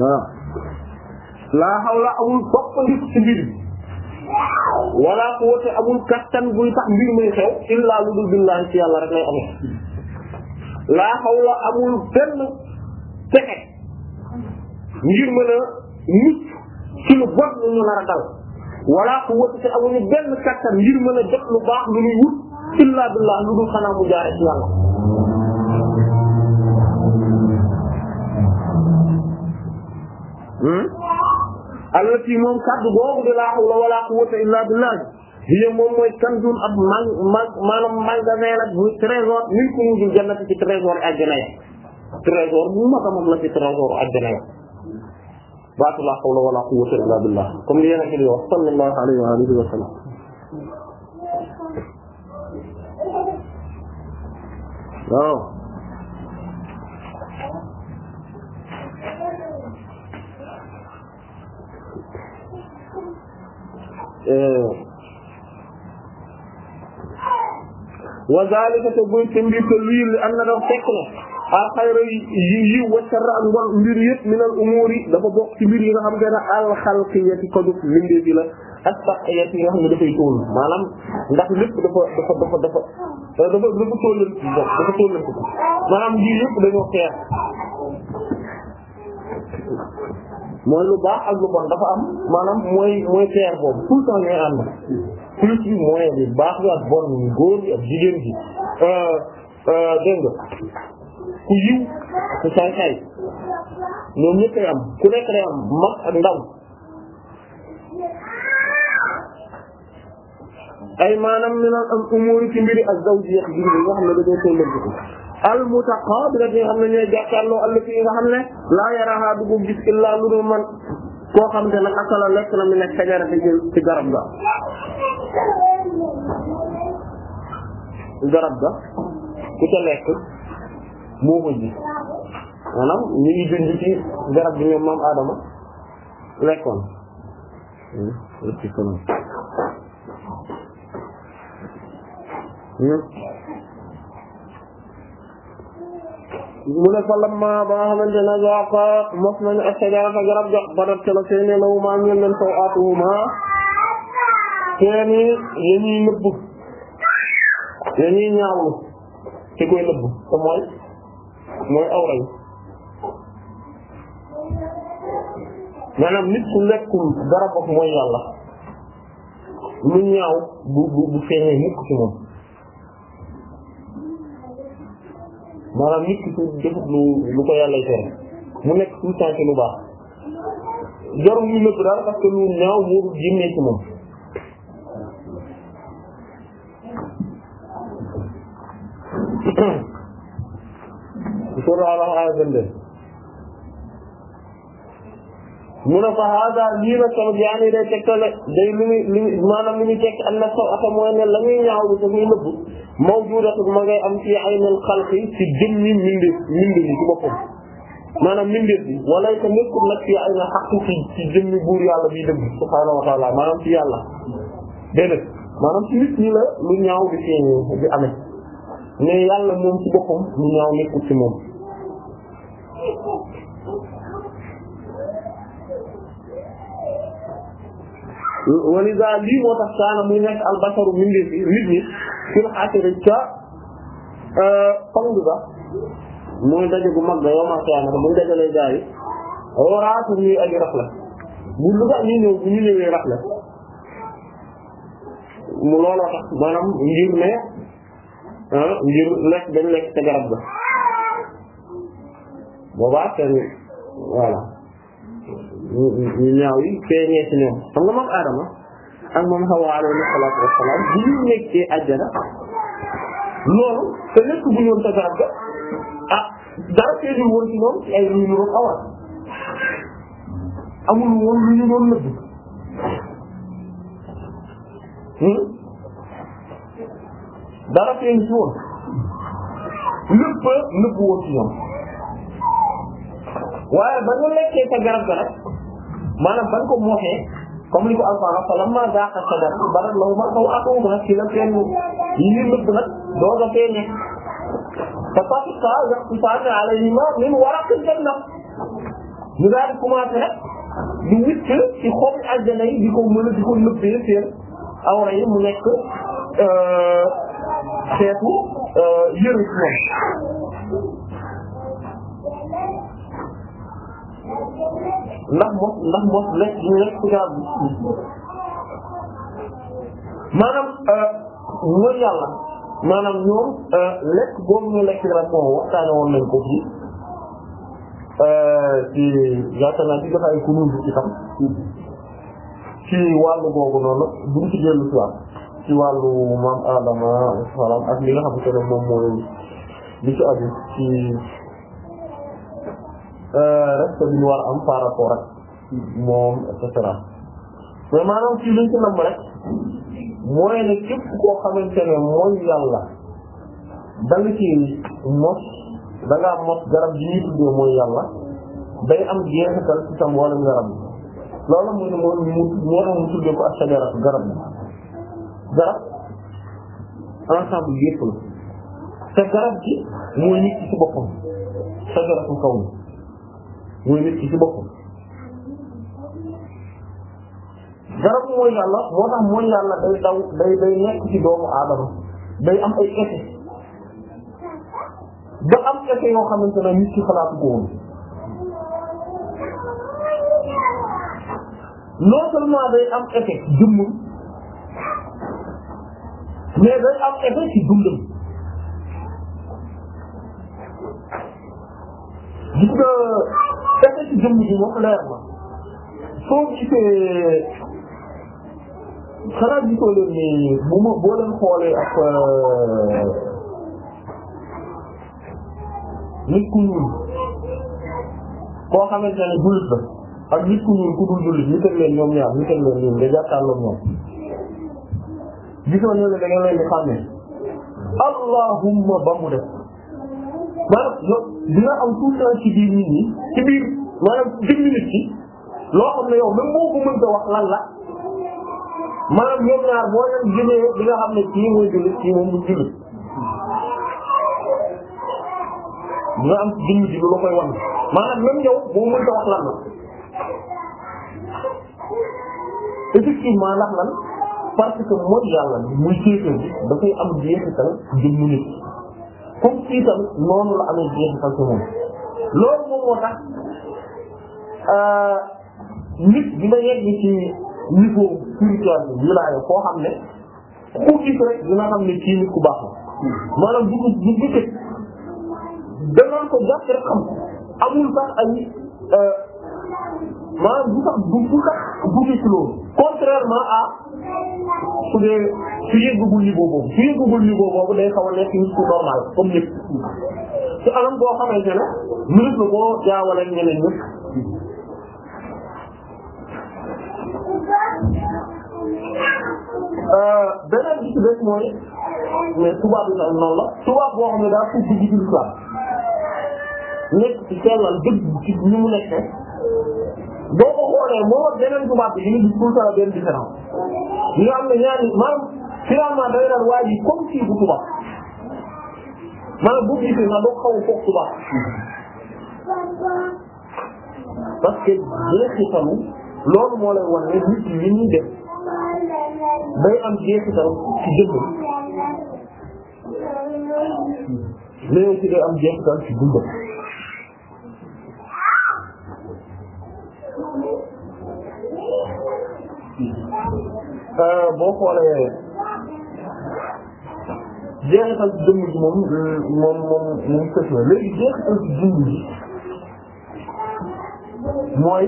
waaw laa hawla amul wala quwwata amul kattan buy tax mbir muy xew illa lu dul billah ci yàlla rek lay amee laa xawla amul benn pexe ngir mën a mucc ci lu bon lu ñu nar a dal wala quwwata te amuñu benn kattan ngir mën a jot lu baax lu ñuy wut illa billah lu dul xanaa mu jaare ci yàlla hmm? allati moom kàddu googu di laa xawla wala quwwata illa billah hiya moom mooy kanzun ab man man maanaam magasin la bu trésor min kunuzil jannati ci trésor àjjana ya trésor bu mag a mag la ci trésor àjjana ya baatu laa hawla wala quwwata illa billah comme li yeneen di wax sallallahu alayhi wa alihi wa sallam waaw eh wa zalika te buy te mbir ko lii li am na dafa fekk ne al xayra yi yi waccara ak mbir yëpp min al umuri dafa bokk ci mbir yi nga xam te ne al xalqiyati ko dug mindee bi la ak saqiyati yi nga xam dafay tóol maanaam ndax lépp dafa dafa dafa dafa dafa dafa tóolal dafa tóolal ko maanaam mbir yëpp dañoo xeer mooy lu baax ak lu dafa am maanaam mooy mooy xeer boobu tout le temps ñooy ànd plus bi moyen bi baax bi ak bon bi góor bi ak jigéen bi euh, euh, dégg nga ku yiw ku saay-saay ñoom ñëpp am ku nekk day am mag ak ndaw ay maanaam ñu naan am umóori ci mbiri ak zaw jeex jur yi nga xam ne dañoo koy lëkkati al mutaqabila nga xam ne ñooy jàkkaarloo fi nga xam ne laa yaraha du ko gis illaa lu dul man koo xam te nag akala lekk na mi nekk sajara ci garab ga garab ga ku ca lekk moo ko ji maanaam ñu ngi dund ci garab gi ñoom maam Adama lekkoon mu ne fa ba nga xamante ne zaqa mos nañu asajara fa garab ga badat ca la seeni lawumaa ñeen leen saw aatuhumaa seeni ya ñuy nëbb ya ñuy ñaawlu ci koy nëbb te mooy mooy awra yi maanaam ku lekkul dara bopp mooy yàlla lu ñaw bu bu bu feeñee mukk ci moom maanaam nit ki su defut lu lu ko yàlla tere mu nekk tout le temps ci lu baax jarul ñu nëbb daal parce que lu ñaaw moo génnee ci moom suuratu Al-An'aam aaya vingt mu ne fa hada lii nag tamit yaa ngi day day li muy li maanaam li muy tekk am na saw ata la muy ñaawlu te muy nëbb mawjuudatu ma ngay am ci aynul xalqi ci jëmmi mbindeef mbindeef yi ci boppam bi wala te nekkul nag ci aynul xaqi ci ci jëmmi buur wa taala maanaam lu ñaaw di feeñ di amee ne yàlla moom ci boppam lu ñaaw nekkul ci moom walisa lii moo saana muy nekk albasaru mbindeef bi nit ñi fil xaatira ca euh, pang ba mooy daje bu mag ba yowmal xiyaama buñ dajalee gaa yi waraatu ñuy aji raf la bu lu tax ñu ñëw bu ñu ñëwee raf la mu looloo tax maanaam ngir ngir lekk dañ lekk ca garab ga boobaa seen voilà ñu ñaaw yi feeñee ci ñoom xam nga moom Adama ak moom Hawa alayhi salaatu wa salaam bi ñu nekkee àjjana loolu te lekk bu ñu woon ca garab ah dara feeñu woon ci ñoom ci ay lu ñu doon awal amul woon lu ñu doon dara feeñ ci woon lépp nëbb waaye ba ñu lekkee sa garab ga nag maanaam ban ko mooxee comme li ko alfana falamma zaaqa shajara badat lahum sawi'atuhuma nag ci la feeñ yi nëbb nag doog a feeñee te fasqa yaqtifaani alayhimaa min waraqil janna ñu daal di commencé nag di wicc ci xobi aljana di ko mën a di ko nëbbee seen awra yi mu nekk euh, xeetu euh, yëru ci moom ndax mos ndax mos lekk ñu lekk ci garab bi maanaam mooy euh, yàlla maanaam ñoom euh, lekk boobu ñu lekk ci garab moom waxtaane woon nañ ko fii ci yaakaar naa ci dafay ku nuyu ci tam ci wàllu googu noonu bu ñu ci dellu si waat ci wàllu maam Adama ak li nga xamante ne moom mooy li ci aju ci euh, respect bi war a am par rapport ak moom et cetera mais maanaam fii luñ ci nam rek mooy ne képp koo xamante mooy yàlla da ci mos da ngaa garab bi ñuy tuddee mooy yàlla day am jeexital ci tam wala garab bi loolu mooy ne mooy mu moo tax mu tuddee ko ak sajara garab bi garab ensemble bi yëpp la te garab gi mooy nit ki ci boppam sajaratul kawn mooy nit ci boppam garab mooy yàlla moo tax mooy yàlla day daw day day nekk ci doomu aadama day am ay effet ba am effet yoo xamante ne nit ki xalaatu ko woon non seulement day am effet jëmmul mais day am effet ci dundam gis nga effet ci dund bi moom leer na soo gisee xanaa gisoo leen ni bu ma boo leen xoolee ak euh, nit ku ñuul koo xamante ne jullit la ak nit ku ñuul ku dul jullit ñu teg leen ñoom ñaar ñu teg leen ñoom nga jàkkaarloo ñoom gisoon na ne da ngeen leen di xàmmee allahumma ba mu def maanaam dina am tout temps ci biir nit ñi ci biir maanaam dix minutes yi loo xam ne yow même moo ko mënta wax lan la maanaam ñoom ñaar boo leen jëlee di nga xam ne kii mooy jullit kii moom du jullit dina am ci dix minutes yi lu koy wan maanaam même yow moo mënta wax lan la effectivement ndax lan parce que mooy yàlla muy kéeféer bi dafay am jeexital jëmmu nit comme itam noonu la amee jeexital ci loolu moom moo tax euh, nit bi yegg ci niveau spirituel bi wilaayo koo xam ne ku gis rek dina xam ne kii nit ku baax la maanaam du du du tëj ko jàpp rek xam amul sax ay euh, maanaam du sax du du sax dugg ci loolu contrairement à su dee su yëggagul niveau boobu su yëggagul niveau ne mënees na koo jaawale ak ñeneen ñëpp euh, beneen bi ci des mooy mais tubaab bi tam noonu la tubaab boo xam ne daa tudd dugg ci l'islam nekk ci sellal ni mu nekkee boo ko xoolee moo war beneen tubaab bi ñu ngi tout benn différence ñu am ne ñaari maanaam finalement day daal waa ji comme si bu tubaab maanaam bu gisee sax doo xaw a foog tubaab parce que jeexital loolu moo lay wan ne nit ñi ñuy def day am jeexital ci jëmm mais aussi day am jeexital ci dundam Euh, boo xoolee jeexital ci dëmm ji euh, moom moom moom moom kës la léegi jeexital ci dëmm mooy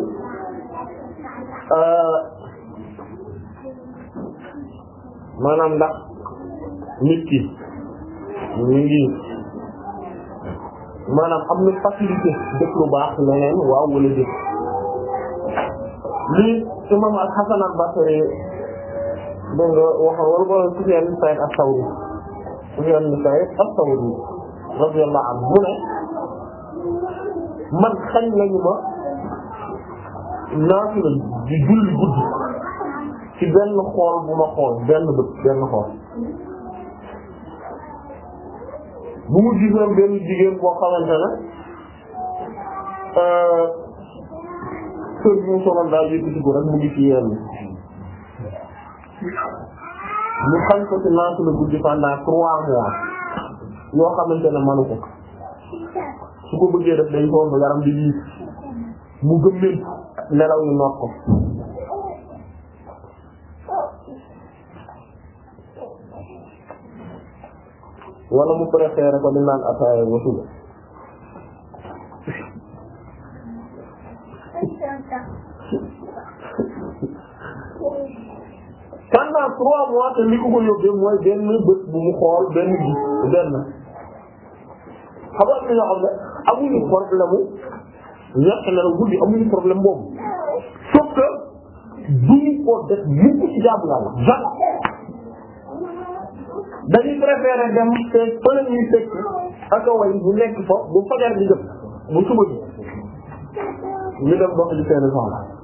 euh, maanaam ndax nit ki ñu maanaam am na facilité def lu baax leneen waaw wala déet lii imam al al-Basri dégg nga wax wala wala Sufyaan ibn Sa'iid as-Sawri Sufyaan ibn Sa'iid as-Sawri radiyallahu anhu mu ne man xañ lañu ma naafila di julli guddi ci benn xool bu ma xool benn bët benn xool bu mu gisoon benn docteur bi mu solal daal yëkkati ko rek mu ngi ci yéen xam ko ci naatu la guddi pendant trois mois yoo xamante manu ko su ko bëggee def day sonn yaram di diis mu gëm leen yu noot ko wala mu préféré ko di naan ataaya ba pendant trois mois te li ko ko yóbbee mooy benn bët bu mu xool benn gis benn xam nga ñoo xam ne amuñu problème mu ñàkk nelaw guddi amuñu problème boobu sauf que duñu ko def mukk ci jaamu Yàlla jamais dañuy préférer dem te fële ñuy fekk ak way bu nekk fa bu fajar di jëm bu suba ji ñu dem dox ci seen soxla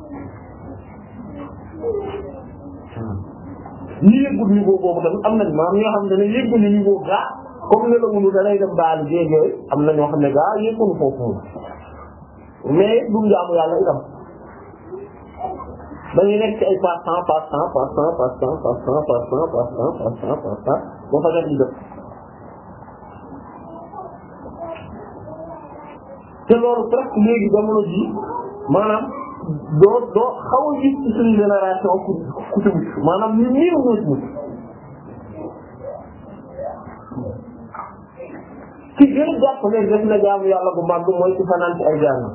ñi yëggul niveau boobu tamit am nañ maam ñoo xam ne yëgguñu niveau gaa comme ne la munu danay dem baali jéegooy am na ñoo xam ne gaa yëgguñu foofu mais du jaamu yàlla itam dañuy nekk ci ay passe-temps passe-temps passe-temps passe-temps passe-temps passe-temps passe-temps passe-temps passe-temps ba fa nekk di def te loolu presque léegi jamono ji maanaam doo doo xaw a gis ci suñu génération ku ku ci mucc maanaam ñu néew ñoo ci mucc ci gën a jàpp ne def na jaamu yàlla bu mag mooy ci fanaan ci ay jaamu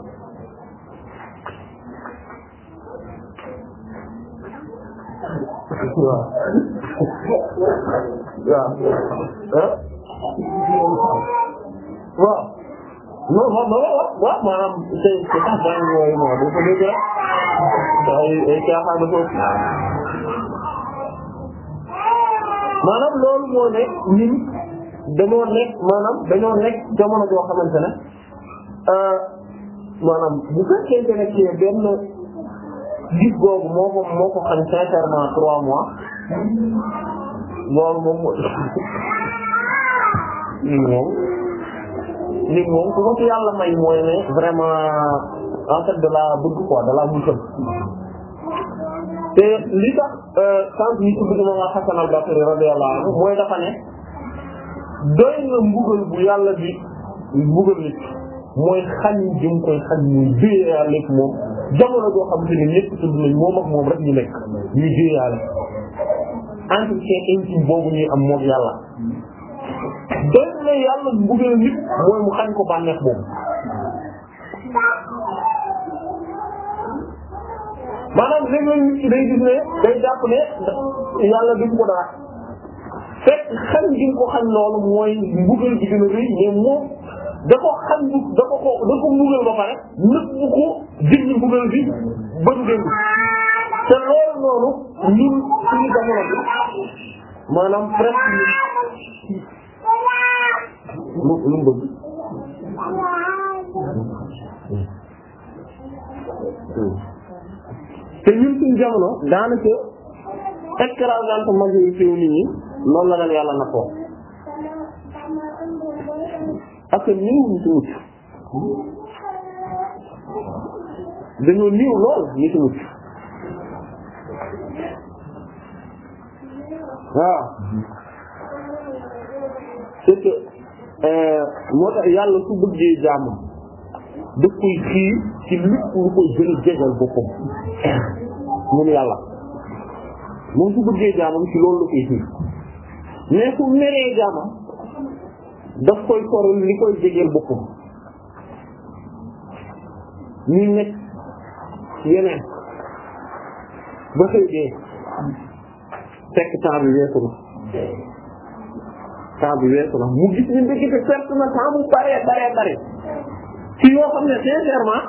waaw waaw non non non waaw maanaam tey tey sax daa ngi woowee moom boo ko déggee ay ay caaxaan ko maanaam loolu moo ne ñun dañoo nekk maanaam dañoo nekk jamono joo xamante ne euh, maanaam bu fekkente ne ci benn gis googu moo ko moo ko xam sincèrement trois mois loolu moom moo. nit moom ku ko yàlla may mooy ne vraiment en fait de la bëgg quoi de te li tax euh, sànq yi tudd na la Hasan al-Basri radiyallahu anhu mooy dafa ne doy na mbugal bu yàlla bi mbugal nit mooy xañ bi mu koy xañ moom jamono joo xam te ne ñëpp tudd nañ moom ak moom rek ñu nekk ñuy déyaale entretien intime boobu ñuy am moom yàlla doy na yàlla bugal nit mooy mu xañ ko bànneex boobu maanaam léeg-léeg nit ki day gis ne day jàpp ne yàlla duñ ko dara fekk xañ gi ko xañ loolu mooy mbugal bi gën a rëy mais moom da ba pare nëpp bu ko jënd mbugal bi ba du loolu noonu ñun suñu jamono bi maanaam presque lu lu mu bëgg te ñun suñu jamono daanaka écrasante majorité wu nit ñi loolu la leen yàlla na ko parce que ñun ñu ci mucc dañoo niiw lool ñu ci mucc waaw c'est que Euh, moo tax yàlla su bëggee jaamu daf koy xiir ci koy gën a jegal boppam moom yàlla moom su bëggee jaamam ci loolu la koy xiir mais su meree jaamam li koy jegeel boppam ñuy nekk yeneen ba xëy dee fekk temps bi weesu temps bi weesu na mu gis ñu ndekete perte na temps bu bare bare bare ci yoo xam ne sincèrement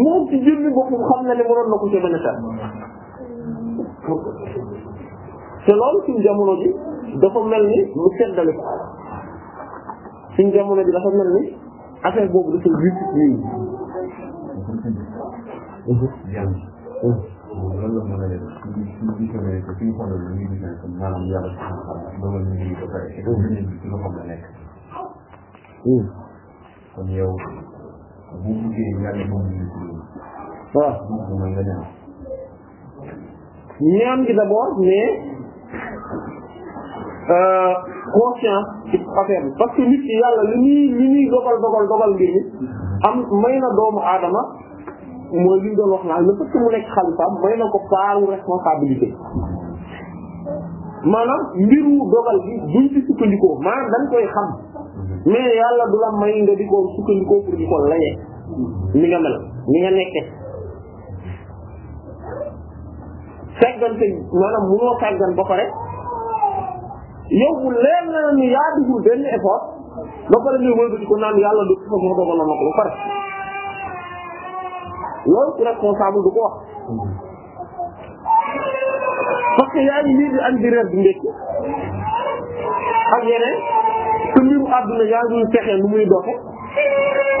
moom ci jëmmi boppam xam na ne mënoon na ko ci mën a tar te loolu suñ jamono ji dafa mel ni mu seddale ko suñ jamono ji dafa mel ni affaire boobu dafa risque nii yàlla loolu la mën a leen suñu visionné ko suñu xoolal la ñuy visionné ko maanaam yàlla si suñu xam dogal ñu ngi ba pare. ci loxoom la nekk. kon yow bu buggee yàlla moom ñu ci loolu. waaw moom mooy nga ñaan. ñaan gi d'abord mais euh, conscience ci affaire bi parce que nit ki yàlla li muy li muy dogal dogal dogal mbir mi am may na doomu aadama. mooy li ñu doon wax naan le fait que mu nekk xalifaam may na ko paaru responsabilité maanaam mbiru dogal bi duñ ci sukkandikoo maanaam dañ koy xam mais yàlla du la may nga di ko sukkandikoo pour di ko laye ni nga mel ni nga nekke sàggante maanaam munoo sàggan ba pare yow bu leer na ni yaa dugul benn effort ba pare ñëw wëlbati ko naan yàlla du ko fa dogal ko ba pare. loolu ci responsable du ko wax parce yaa ngi nii di am di reer di ndekki ak yeneen te mbiru àdduna yaa ngi fexee lu muy doxe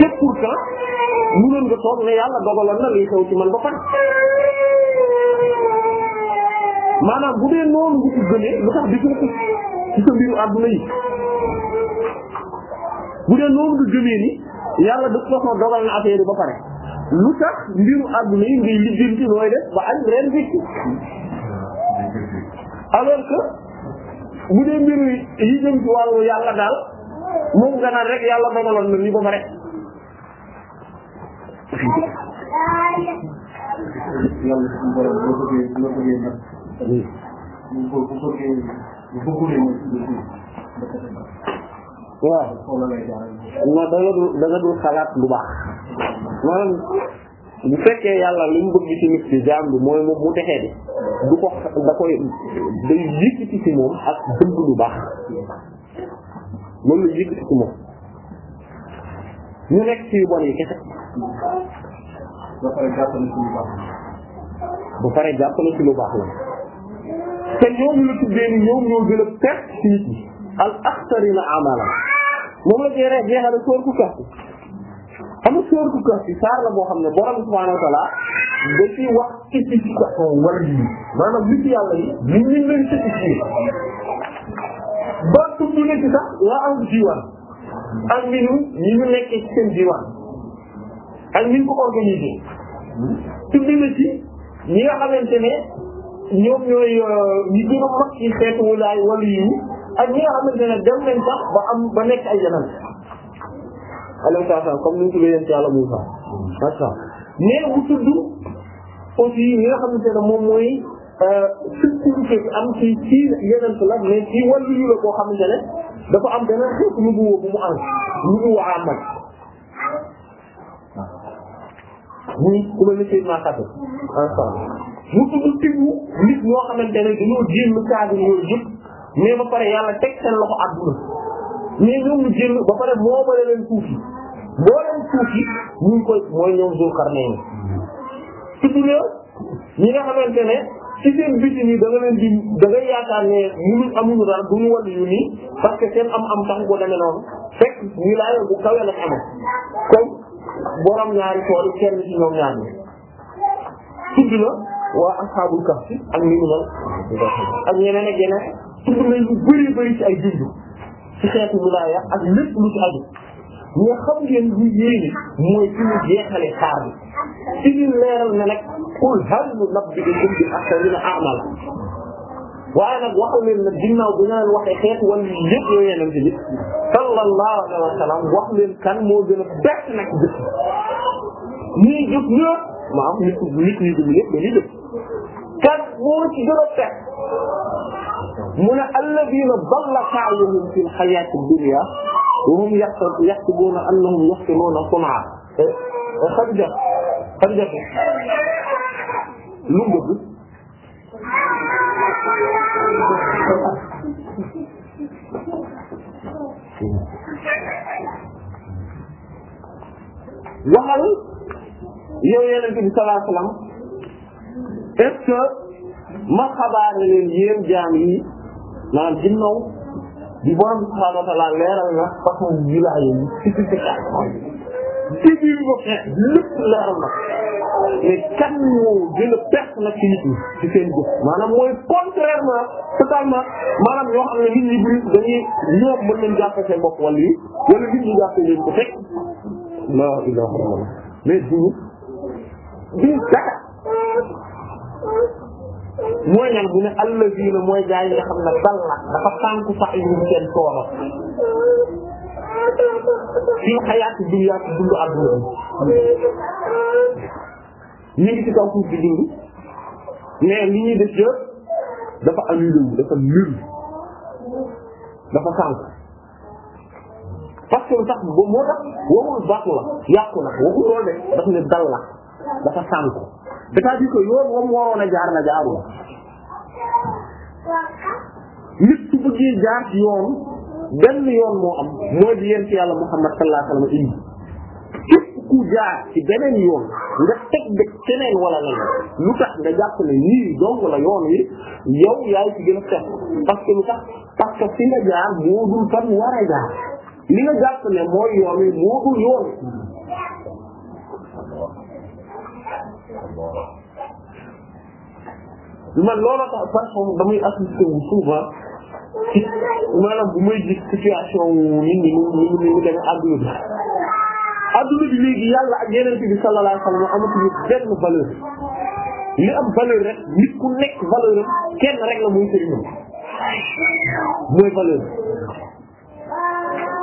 te pourtant mënoon nga toog ne yàlla dogaloon na liy xew ci man ba pare maanaam bu dee noonu nga ci gënee lu tax defoo ko ci sa mbiru àdduna yi bu dee noonu nga gëmee ni yàlla de façon dogal na affaire ba pare lu tax mbiru àdduna yi ngay lijjanti nooy def ba añ ren wécci alors que bu dee mbiru yi jëm ci wàllu yàlla daal moom rek yàlla dogaloon na pare yàlla suñu borom boo bëggee boo bu baax maanaam bu fekkee yàlla li mu bëgg ci nit ci jaam bi mooy moom mu texee di du ko da koy day yëkkati ci moom ak bëgg lu baax loolu la yëkkati ci moom ñu nekk ci yu yi kese ba pare jàppale ci lu ba pare jàppale ci lu baax la te ñoom la tuddee ni ñoom ñoo gën a perte ci nit al axtarina amala moom la jeexee jeexal sóor ku kaxtu xam nga sóoratu Kahf saar la boo xam ne borom subhaanahu wa ta'aala da wax édification wala lii maanaam li ci yàlla yi ñu ngi leen certifié ba tudd na ci sax waa ak ni ñu ñi ñu nekkee ci seen diwaan ak ni ñu ko organisé tudd nga xamante ne ñoom ñooy euh, ñi gën a mag ci xeetu walaay wala yi ak ñi nga xamante ne dem nañ sax ba am ba nekk ay yeneen. alayhi salaam comme ni mu tuddee yonent Yàlla Muusaa macha mais bu tudd aussi ñi nga xamante ne moom mooy euh, am ci ci yonent la mais ci wàllu yu la boo xamante ne dafa am beneen xeetu nubuwa bu mu am nubuwa amal muy ku mel ni Seydina Xadir mu tudd tibu nit ñoo xamante ne dañoo jéem cadre yooyu yëpp mais ba pare yàlla teg seen loxo àdduna mais ñoom ñu jël ba pare moomale leen suuf yi boo leen suuf yi ñu ngi koy mooy ñoom Zulqarnayn tudd na ñi nga xamante biti nii da nga leen di da nga yaakaar ne mënuñ amuñu dara du ñu wàllu yu nii parce que seen am-am tax ko demee noonu fekk ñu laay bu kawe la amee comme borom ñaari tool kenn ci ñoom ñaar ñi na waa ashabul kahf ak ñi mu ak ñeneen ak yeneen tudd nañ lu bëri ay junj. ci xeetu wilaaya ak lépp lu ci aju ñu xam ngeen lu yéene mooy fi ñu jeexale xaar bi ci ñu leeral ne nag qul hal nunabbi'ukum bil akhsarina a'mal waaye nag waxal leen nag ginnaaw bi nga leen waxee xeetu wala yëpp yoo yeneen bi sallallahu alayhi wa sallam wax leen kan moo gën a bett nag gis ñii jëf ñëpp maanaam nit nit ñi dugg yëpp dañuy jëf kan moo ci gën a fekk mu ne alladina dalla sa'yuhum fil hayati dunya wa hum yahsabuna annahum yuhsinuna sun'a Xadija eh, eh, Xadija lu mu bëgg waxal yow yonent bi sallallahu alayhi wasallam est-ce que ma xabaar leen yéen jaam yi naan ginnaw di borom subhaanahu wa ta'aala leeral na façon wilaaya yi ci ci ci début ba fin lépp leeral na mais kan moo gën a perte nag ci nit ñi ci seen jëf maanaam mooy contrairement totalement maanaam yoo xam ne nit ñi bëri dañuy ñoom mën nañ jàppe seen bopp wala yi wala nit ñi jàppe leen ko fekk la ilaha illallah mais duñu duñu dara mooy ñan bu ne allazina mooy gaa yi nga xam ne dalla dafa sànku sax yuñ seen coono fii xayaati dundu àdduna bi ñu ngi ci kaw suuf di dund mais li ñuy def yëpp dafa annulé dafa nul dafa sànk parce que sax ba moo tax waxul baax la yàqu na waxul loolu daf ne dal la dafa sànku c'est-à-dire yoon wam waroon a jaar na jaarul nit su bëggee jaar ci yoon benn yoon moo am mooy di yent yàlla Muhammad sallallahu alayhi wa sallam indi ku jaar ci beneen yoon nga teg de keneen wala la lu tax nga jàpp nii dong la yoon wi yow yaay ci gën a set parce que tax parce que jaar moo dul fan war a jaar li nga jàpp ne mooy yoon wi moo dul yoon man looloo tax parfois damay assisté wu souvent ci maanaam bu may gis situation nit ñi mu mu mu demee adduna bi adduna bi léegi yàlla ak bi sallallahu alayhi wa sallam amatuñu benn valeur li am valeur rek nit ku valeur kenn rek la muy sëriñam mooy valeur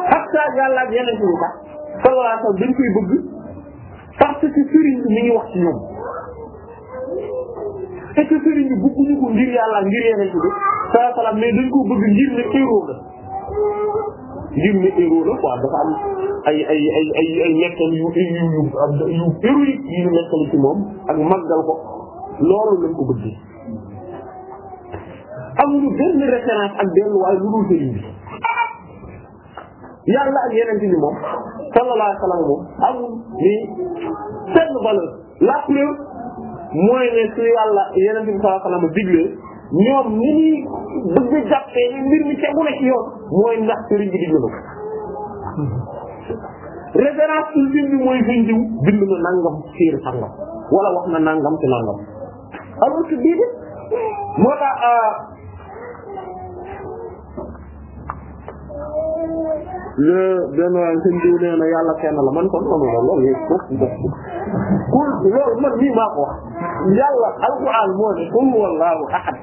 hatta yàlla ak yeneen bi sax sallallahu alayhi wa sallam dañ koy bëgg parce que sëriñ bi mi ngi wax ci ñoom c'est que sëriñ bi bëgguñu ko ngir yàlla ngir yeneen bi sallallahu alayhi wasallam mais dañ ci moom ak màggal ko loolu moom sallallahu alayhi wasallam moom mooy ne su yàlla yeneen bi sallallahu alayhi wasallam digle ñoom ni ñuy bëgg jàppee ni mbir mi tegu na ci yoon mooy ndax sëriñ bi digle na ko référence ultime bi mooy suñ diw na nangam siir sangam wala wax na nangam ci nangam alors que bii de moo tax euh, benn waaye seen diw nee na yàlla kenn la man kon manula loolu yëpp ko kul loolu man mii maa ko wax yàlla alquran moo ne qul wallahu ahad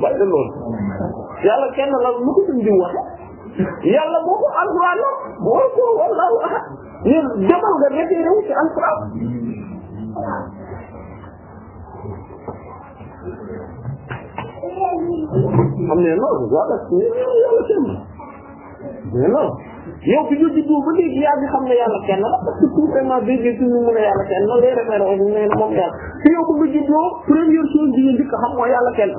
bàyyi la loolu yàlla kenn la lu ko suñ diw wax yàlla boo ko alquran la boo qul wallahu ahad yéen demal nga référé wu ci alquran xam ne loolu wala yàlla mais non yow fi ñu juddoo ba léegi yaa ngi xam ne yàlla kenn la parce que tout vraiment déggee suñu mun a yàlla kenn loolu day référé au nee na moom yàlla fi yow ko nga juddoo première chose bi a xam mooy yàlla kenn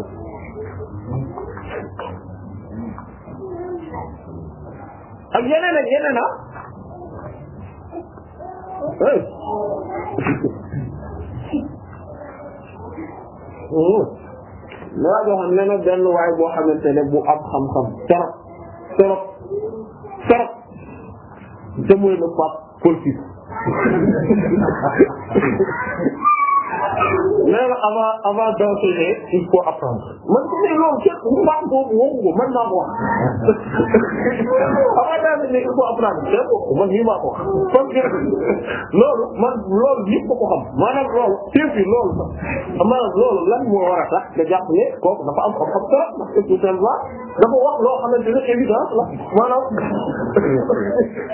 ak yeneen ak yeneen ah waa oh. joo ne nag bu am xam-xam trop trop trop te mooy le pape Paul VI nee na avant avant d'enseigner il faut apprendre man ko mais loolu kenn bu baax boobu woowu ko man maa ko wax avant d'enseigner il faut apprendre kenn ko man mii maa ko wax kon loolu man loolu ñëpp ko xam maanaam loolu teew bi loolu sax maanaam loolu lan moo war a tax nga jàpp ne kooku dafa am xam-xam trop parce que tout simplement dafa wax loo xamante ne évidence la maanaam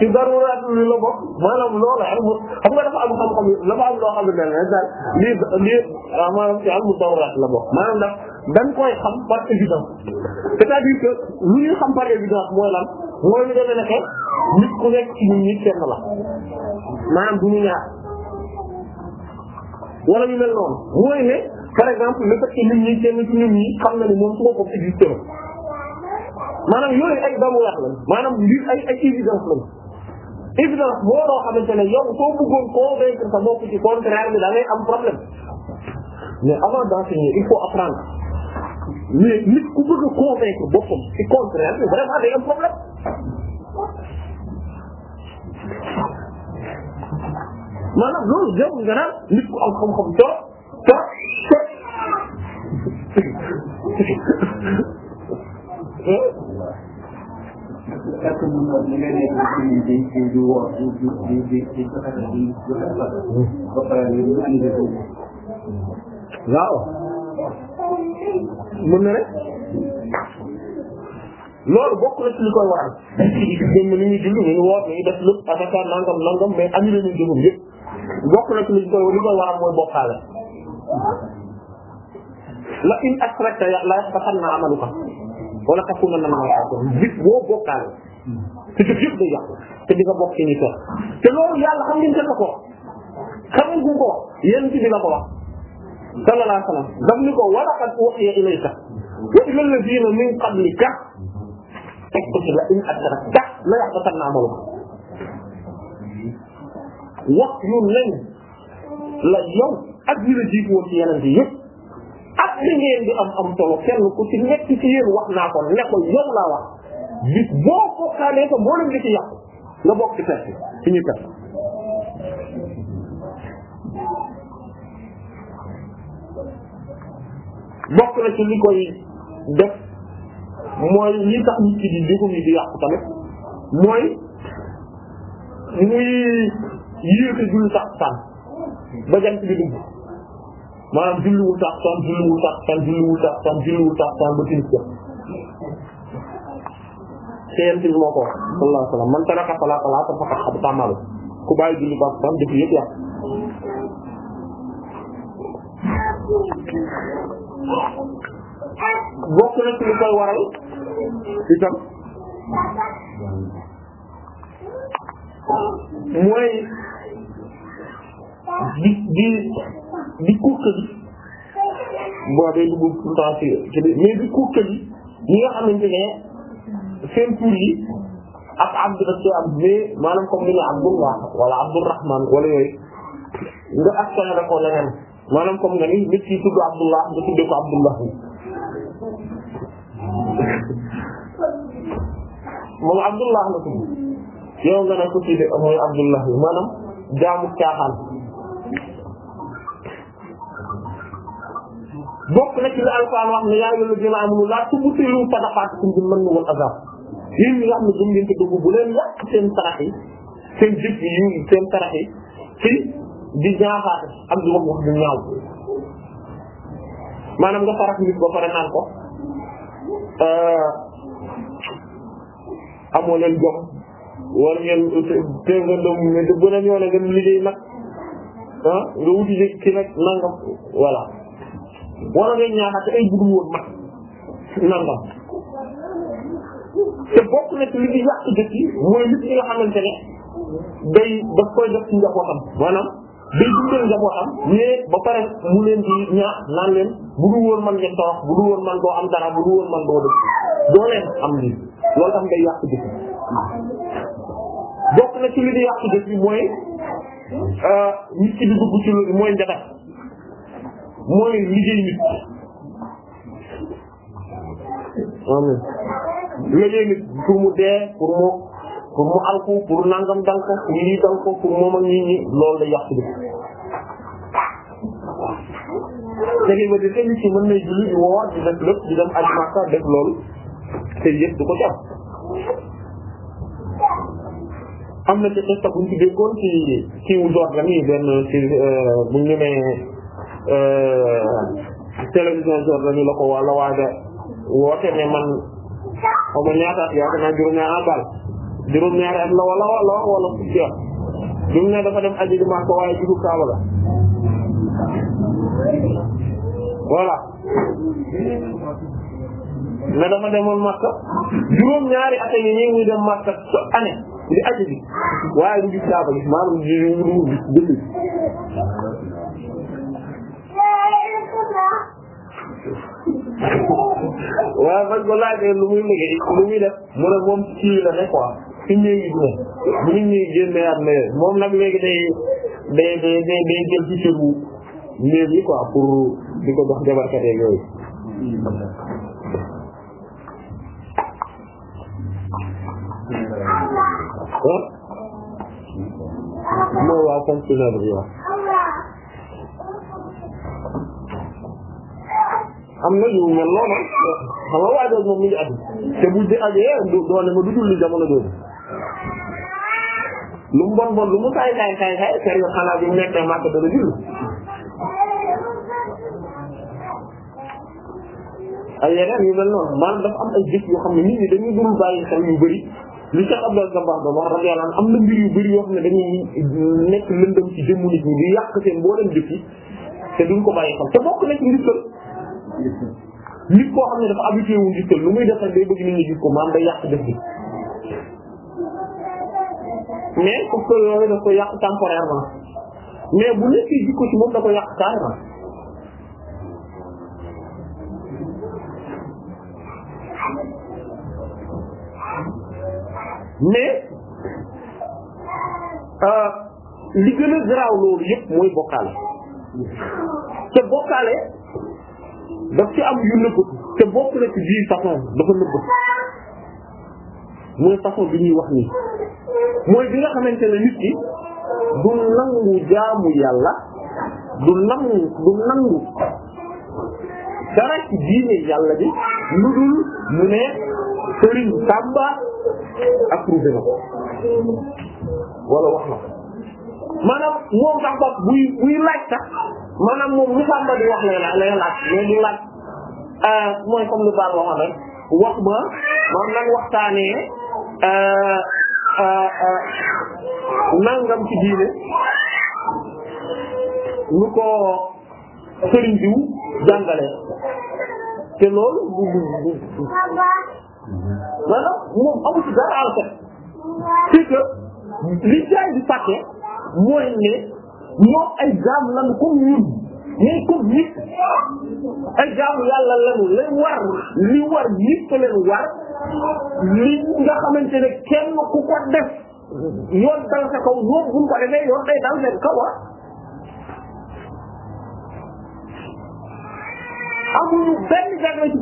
ci daruraat li la bokk maanaam loolu xam nga dafa am xam-xam dafa am loo xam ne daal lii waaw maanaam ci almu dawraat la bokk maanaam ndax dañ koy xam par évidence c'est-à-dire que lu ñuy xam par évidence mooy lan mooy lu demee nekk nit ku nekk ci ñun ñi kenn la maanaam du ñu ñaar wala ñu mel noonu mooy ne par exemple le fait que nit ñi kenn ci ñun ñi xam na ne moom su ko foofu existé la maanaam yooyu ay dawraat la maanaam lii ay ay évidence lañu évidence boo doo xamante ne yow soo bëggoon convaincre sa bopp ci contraire bi da ngay am problème mais avant d'enseigner il faut apprendre mais nit ku bëgg a bi vraiment day am problème maanaam loolu na li nga nekk ci di di di woo di di di waaw mën na ne loolu bokk na ci li koy waral ñun ni ñuy julli ñu ngi woor ñu ngi def lépp asaka nangam nangam ko annulé ñu jëfam yëpp bokk na ci li koy li koy waral mooy bokkaale la in asrakta la yahbatanna amaluka wa la takunanna minal khasirin bis boo bokkaale te jëf yëpp day yàqu te di nga bokk ci ñi te loolu yàlla xam ngeen ko ko xam ngeen ko ko yéen ci ko wax sallallahu alayhi wa sallam daf ni ko wa laqad uhiya ilayka wa ila alladhina min qablika la in ashrakta la yahbatanna amaluka wax yu nañ la yow ak ñi la jiitu woon ci yeneen bi yëpp ak li ngeen di am am solo kenn ku ci nekk ci yéen wax naa ko ne ko yow laa wax bis boo ko xaalee ko moo leen di ci yàqu nga bokk ci perte ci ñuy perte bokk na ci li koy def mooy li tax nit di jëfum yi di yàqu tamit mooy muy yéex a julli tàkkusaan ba jant bi dugg maanaam julliwul tàkkusaan julliwul tàkkusaan julliwul tàkkusaan julliwul tàkkusaan ba timis jot yent bi moo ko wax sallallahu alayhi wa sallam man taraka salaata laa tafaqad qad tamalu ku bàyyi julli tàkkusaan def yëpp yàqu bokk na ci waral itam mooy di di di kukka gi boo day dugg tout le temps ci ci mais di kukka gi ñi nga xamante ne seen tur yi ak abdu daf ci am mais maanaam comme abdullah wala abdurrahman wala yooyu nga ak soxla ko maanaam comme nga ni nit ki tudd Abdullah nga tuddee ko Abdullah moom Abdullah la tudd yow nga ne ko kii mooy Abdullah maanaam jaamu caaxaan bokk na ci la Alxuraan wax ne yaa ayyuhal lazina aamanu laa tubtilu sadaqaatikum bil manni wal azaa yéen ñi nga xam ne gëm ngeen te dëgg bu leen yàq seen sarax yi seen jëf yi di ñaaxaate ak di wax wax du ñaaw maanaam nga farax nit ba pare naan ko euh, amoo leen jom war ngeen te nga doom ne te beneen yoon ngeen liggéey nag ah nga wuti jëkk ki nag nangam voilà ngay ñaaxaate ay budul woon mag nangam te bokk na ci li di yàq dëkk yi mooy nit ñi nga xamante ne day daf koy def ci njabootam maanaam day dundee njabootam mais ba pare mu leen di ñaax naan leen bu woon man ngeen torox woon man doo am dara bu woon man doo def doo leen am lii loolu tax day yàq jëf bokk na ci di yàq jëf bi mooy euh, nit ki di dugg ci loolu mooy njabar mooy liggéey nit amin liggéey nit pour mu dee pour mu al ko pour nangam dal ko pour lii dal ko pour moom ak nit ñi léegi ma di nit ci mën na julli di woor di def lépp di dem aji Makka def loolu te yëpp du ko ci am na ci xesta buñ ci déggoon ci kiiwu Jordan benn ci euh, buñ ñu ne euh, télévision Jordan la ko wala waaja woote ne man xaw ma ñaataat yaakaar naa juróom-ñaar juróom-ñaari at la wala wala wala fukki at bi mu ne dafa dem aji di Makka waaye ci Kaaba la ne dafa demoon Makka juróom-ñaari at yi ñi muy dem Makka su année di aji bi waaye du gis Kaaba gi maanaam ji wuru gis waaye man ko laajee lu muy liggéey lu muy def mu ne moom kii la ne quoi ci néegi bi la bu ñu néegi génnee at na moom nag léegi day day day day day jël ci cëru néeg yi quoi pour di ko dox jabarkat yeeg yooyu moo waaw fonctionnaire bi waaw am na yu mel noonu xam nga waajoog moom mi ngi addu te bu di aggee doone ma du julli jamono jooju lu mu bon bon lu mu saay saay saay saay période xanaa bi mu ay yeneen yu mel noon maanaam dafa am ay gis yoo xam ne nit ñi dañuy dul bàyyi xel yu bari li Cheikh Abdel Gambaax doon wax rek am na mbir yu bëri yoo xam ne dañuy nekk lëndëm ci jëmmu nit ñi di yàq seen mboolem jëf yi te duñ ko bàyyi xel te bokk na ci ngistal nit koo xam ne dafa habitué wu ngistal lu muy def rek day bëgg nit ñi gis ko day yàq def bi mais foog ko yooyu daf ko yàq temporairement mais bu nekkee jikko ci moom da ko yàq carrément mais euh, li gën a garaaw loolu yëpp mooy bokkaale te bokkaale daf ci am yu nëbbatu te bokk na ci biir façon dafa nëbbatu mooy façon bi ñuy wax nii mooy bi xamante ne nit ki du nangu jaamu yàlla du nangu du nangu dara ci diine yàlla bi lu dul mu ne sëriñ sàmba approuvé na ko wax na ko moom sax buy buy laaj sax maanaam moom lu sàmba di wax lay laaj mais laaj euh, mooy comme lu baax wax ma man nan waxtaanee Euh, euh, euh, nangam ci diine ñu ko sëriñ diw jàngale te loolu bu moom amu ci dara fekk li jaay di pàcce mooy ne ay jaam lañu comme ñun mais comme nit ay jaamu yàlla lañu lay war li war nit ko leen war li nga xamante ne kenn ku ko def yoon dal sa kaw ñoom buñ ko defee yoon day dal seen kaw ah amuñu benn jagle ci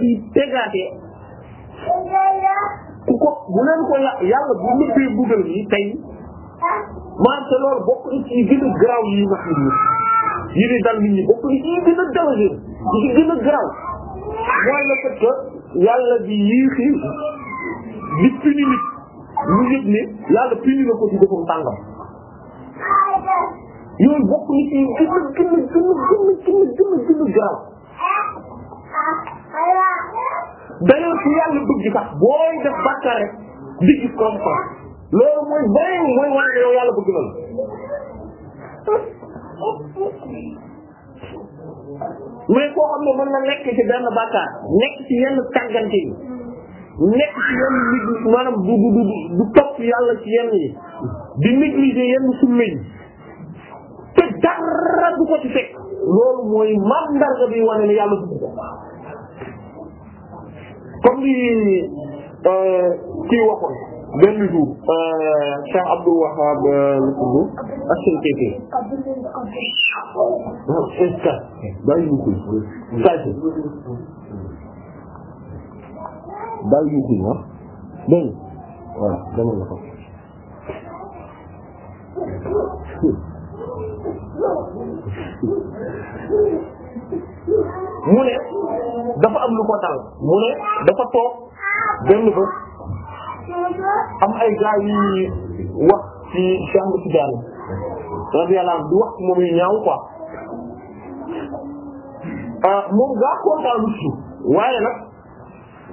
di tegaatee ku ko ko yàlla bu nëbbee bugal yi tey maanaam te loolu bokk na ci gën a garaaw yi nga xam ne yi di li ci gën a garaaw mooy le fait que yàlla di yiixi di puni nit ñu yëg ne yàlla puni na ko ci defum tàngam yooyu bokk ni ci gën a gën a gën a gën a gën a gën a gën a garaaw d'ailleurs su yàlla bëgg sax booy def bàkkaar rek di gis comme ça loolu mooy bari mooy wane ne yow yàlla bëgg na la mais koo xam ne mën na nekk ci benn bàkkaar nekk ci yenn tàggante yi nekk ci yenn nit maanaam du du du du topp yàlla ci yenn yi di négliger yenn sunna te dara du ko ci fekk loolu mooy mandarga bi wane ne yàlla dugg ko comme li euh, kii waxoon benn jour Cheikh Abdul Wahab Ashinkefi est-ce que bàyyi wu ko Sadio bàyyi wu ko ah dégg nga voilà dama la ko. mu ne dafa am lu ko dal mu ne dafa toog benn am ay gaay yi wax ci jàng daan radiyallahu di wax moom yu ñaaw quoi ah, moom gaa kontaanu ci waaye nag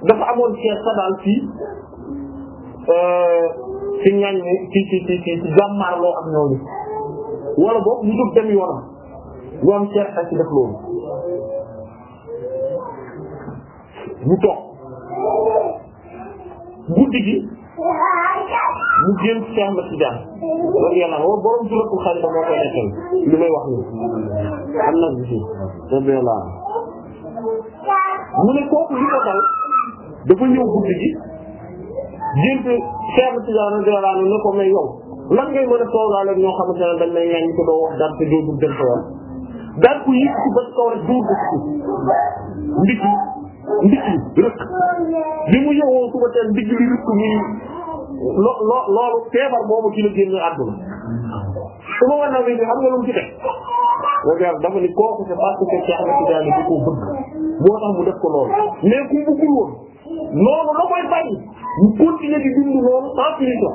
dafa amoon ceeb sa daal ci euh, ci ñañ ci ci ci ci ci jàmmaarloo ak ñooñu wala boobu ñu dug dem yoonam ñu am ceeb ci def loolu ñu toog guddi gi mu génn si ànd si jàmm loolu yàlla woo borom moo koy nekkal li may wax nii am na gis nga. mu ne kooku li ko dal dafa ñëw guddi gi génn seetlu si jàmm radiyallahu anhu ne ko may yow lan ngay mën a toogaale ak ñoo xamante ne dañ lay ñaan ñu ko doo wax dara te doo ba kaw rek doo dugg si ndigg bi mu yowoo suba teel ndigg li rëkk muy lo lo loolu feebar boobu ci la génn àdduna su ma war na bi mu ci teg regarde dafa ni kooku c'est parce que Cheikh Ahmed Tidiane bi koo bëgg moo tax mu def ko loolu mais ku bëggul woon noonu la koy bàyyi mu continuer di dund noonu sans finition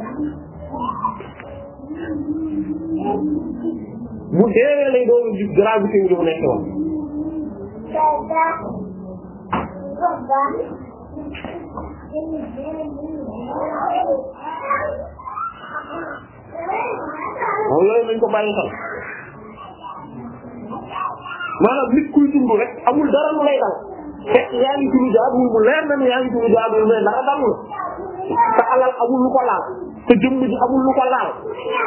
bu deewee lay doon gis gravité bi dafa nekk woon waaw yooyu nañ ko bàyyi xel maanaam nit kuy dund rek amul dara lu lay dal fekk yaa ngi dund jaadul mu leer na ni yaa ngi dund jaadul mais dara dalul sa alal amul lu ko laal te jëmm ji amul lu laal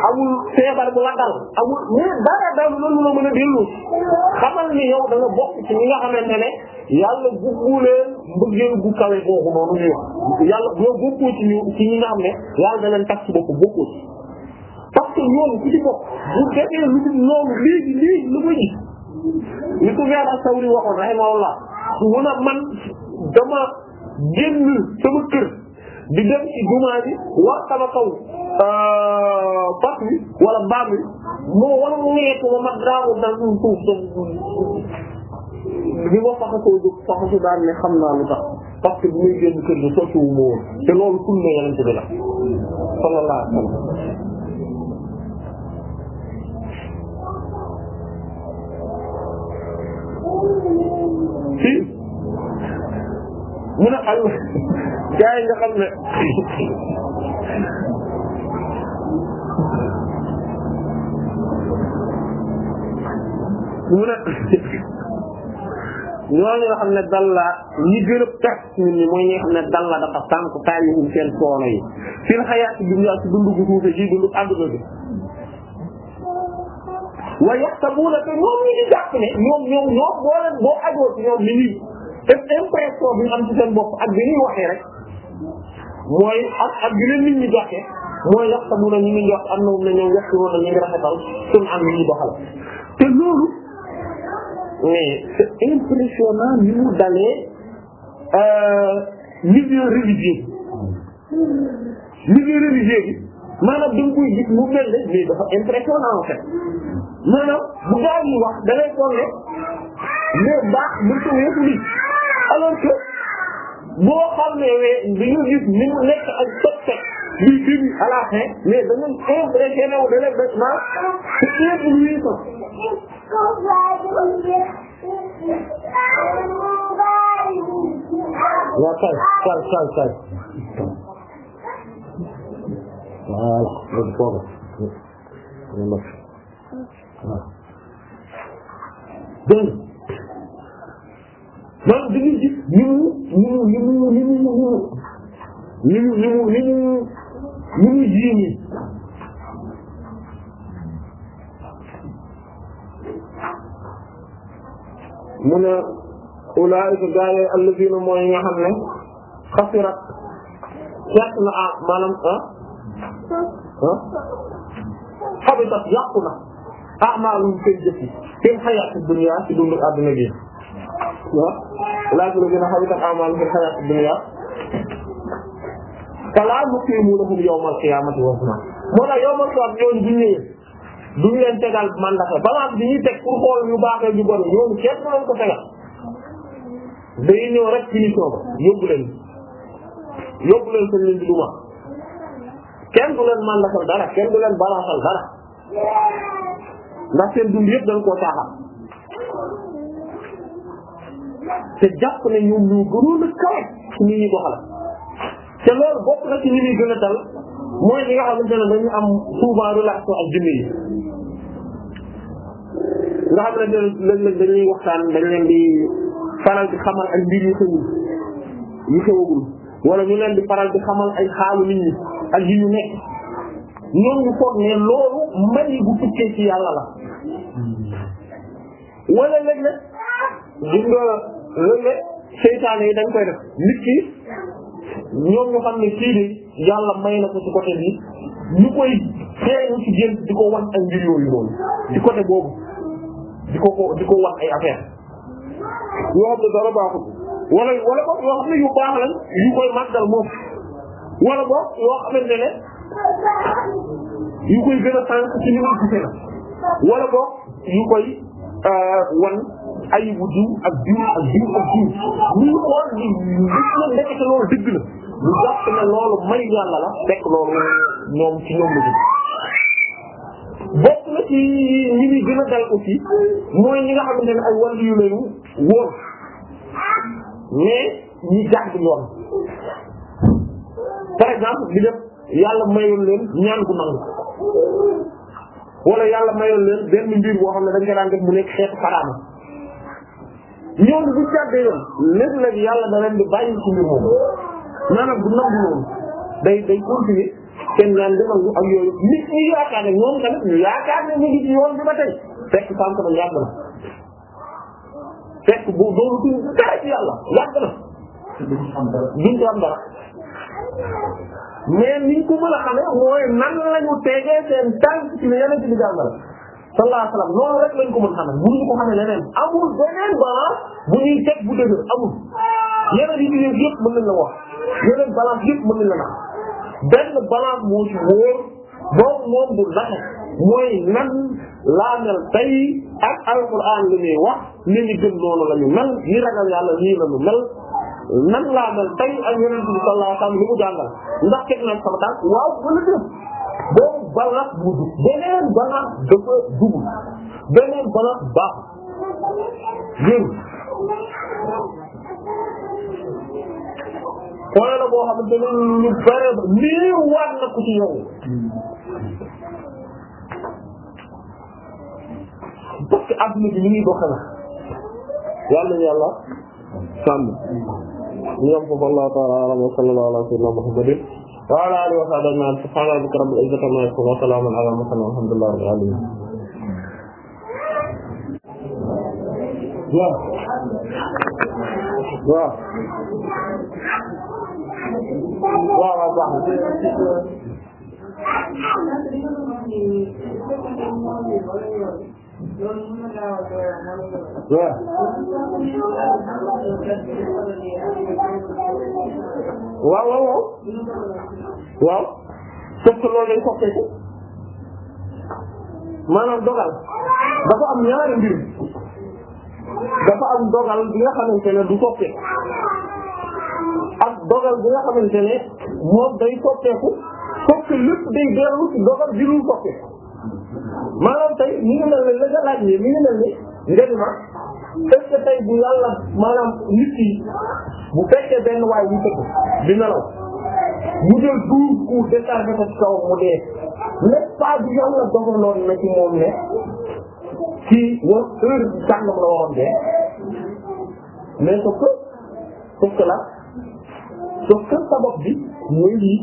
amul feebar bu la dal amul mais dara dal loolu la mën a dellu xamal ni yow da nga bokk ci ñi nga xamante ne yàlla bëggu leen mbëggeel gu kawe boobu noonu ñuy bokk bu defee lu dul noonu léegi léegi lu ko gis li ko weer ak sawri waxoon rahimahullah mën a man dama di dem ci jumaa ji war sama kaw fas euh, wi wala mbaam wi moo war a weesu ba mag daawul dal suuf suuf bi ma daan ne xam naa lu tax parce bu muy génn kër gi soccu wu ma te loolu sunna yonent bi la sallallahu alayhi wa si mu ne al gaa yi nga xam ne mu ne ñooñu nga xam ne dalla ñi gën a perte ñun mooy ñi xam ne dalla dafa sànq tàyyiwuñ seen soono yi fil xayaat bi ñu ci dundu gu suufe ji dundu àdduna bi te ñoom ñi di jàpp ne ñoom ñoom ñoom boo leen boo ajoo ci te impression bi ñu am ci seen bopp ak bi ñuy waxee rek mooy ak ak bi leen nit ñi joxe mooy yàq mu ne ñu ngi jox am na moom la ñoom yàq woon na ñu ngi rafetal suñu am yi ñu doxal te loolu mais c'est ni mu dalee euh, milieu religieux milieu bi maanaam da nga koy mu mel bu gaa yi lii alors que boo xam ne bi ñu gis ni mu nekk ak soppeek bi fini à la fin mais dañu impressionné wu dalee vêtement c'est éblouissant waaw kay kay kay kay voilà loolu foofu la dégg maanaam da ngay gis ni mu ni mu ni mu ni mu ni mu ni mu ni mu yéeme. mu ne ulaa'ika gaa yi allaziina mooy nga xam ne xasirat yàq na ah maanaam ah ah habitat yàqu na a'maaluhum seen jëf yi seen xayaatu dunya ci dundu àdduna bi. ah laaj la gën a xam itam amal ngir xayaat dunya te laa nuqiimu lahum yawmal qiyaamati wazna moo tax yawmal qiyaamati ñooñu bu ñëwee duñu leen tegal man dafa balance bi ñuy teg pour xool yu baaxee ju bon ñooñu kenn du leen ko tegal day ñëw rek finition ba yóbbu leen yóbbu leen sañ leen di duma kenn du leen man dafa dara kenn du leen balaasal dara ndax seen dund yëpp dañ koo caaxaan te jàpp ne ñoom ñoo gënoon a kawe ci ni ñuy doxal te loolu bokk na ci li ñuy gën dal mooy ñi nga am souvent relation ak jinne yi nga xam ne léeg-léeg dañuy waxtaan dañ leen di faral di xamal ay mbir yu xewul yu xewagul wala ñu leen di faral di xamal ay xaalu nit ñi ak yi nekk ñoom ñu foog ne loolu may bu tukkee ci yàlla la wala léeg-léeg gis nga seytaane yi dañ koy def nit ki ñoom ñu xam ne kii bi yàlla may na ko ci côté bi ñu koy xeeñu ci gént di ko wax ay mbir yooyu noonu ci côté boobu di ko ko di ko wax ay affaire yoo xam ne dara baaxul wala wala boog yoo xam ne yu baax lañ yu koy màggal moom wala boog yoo xamante ne yu koy gën a tànk ci ni mu gisee la wala boog yu koy euh, wan ayibu diw ak diw ak diw ak diw ñu lu jàpp ne loolu yàlla la fekk loolu nga xamante ne ay wàllu yu lañu wóor mais ñi jàdd yoon par exemple di def yàlla mayul leen ñaan gu nangu wala yàlla mayul leen benn mbir boo xam ne dañ ko daan def mu nekk xeetu xaraama ñoom bu jàddee yoon lépp léegi yàlla da leen di bàyyi ci mbir moomu maanaam bu nangu loolu day day continuer kenn naan di nangu ak yooyu nit ñi yaakaar ne ñoom tamit ñu yaakaar ne ñu ngi ci yoon bi ba tey fekk sànq na yàgg na fekk bu doolu tuñ dara ci yàlla yàgg na duñ ko am dara mais niñ ko mën a xamee mooy nan lañu tegee seen tànk ci li yeneen ci di jàngale sallallahu alayhi wasallam loolu rek lañ ko mën xamal mënuñu ko xamee leneen amul beneen balance bu ñuy teg bu dëgër amul yeneen yi ñu yëpp mën nañ la wax yeneen balance yëpp mën nañ la nax benn balance boobu moom du naxe mooy nan laa mel tey ak alquran li muy wax li ñu gën noonu la ñu mel ñi ragal yàlla nii la mel nan laa mel tey ak yeneen bi sallallahu alayhi wasallam li mu jàngal ndax teg nañ sama tànk waaw wala déet boobu balance bu dugg beneen balance dafa dugg beneen balance baax yéen point la boo xamante ne lu bare lii war na ko ci yow la yàlla yàlla sàmm ñu yam ko wallahu ta'ala a'lam wa sallallahu ala sayyidina muhammadin wa ala alihi wa sahbihi ajma'in subhana rabbika rabbil izzati amma yasifun wa salamun ala mursalin walhamdulillahi rabbil alamin waaw waaw waaw waaw baax na waaw waaw waaw waaw sauf que loolu dañ soppeeku dogal dafa am ñaari mbir dogal bi nga xamante ne du soppeeku ak dogal bi nga xamante ne moom day soppeeku sauf que lépp day dellu dogal bi dul soppeeku maanaam tey mi ngi mel ne la nga mi ngi mel ni nga ni ma est-ce que tey bu yàlla maanaam nit yi bu fekkee benn waay bu tëdd di nelaw mu jël douze coups déchargé ko ci kaw mu dee n'est pas du yàlla dogaloon na ci moom ne ci woon heure sàngam la waroon dee mais sauf que sauf que la sauf que sabab bi mooy lii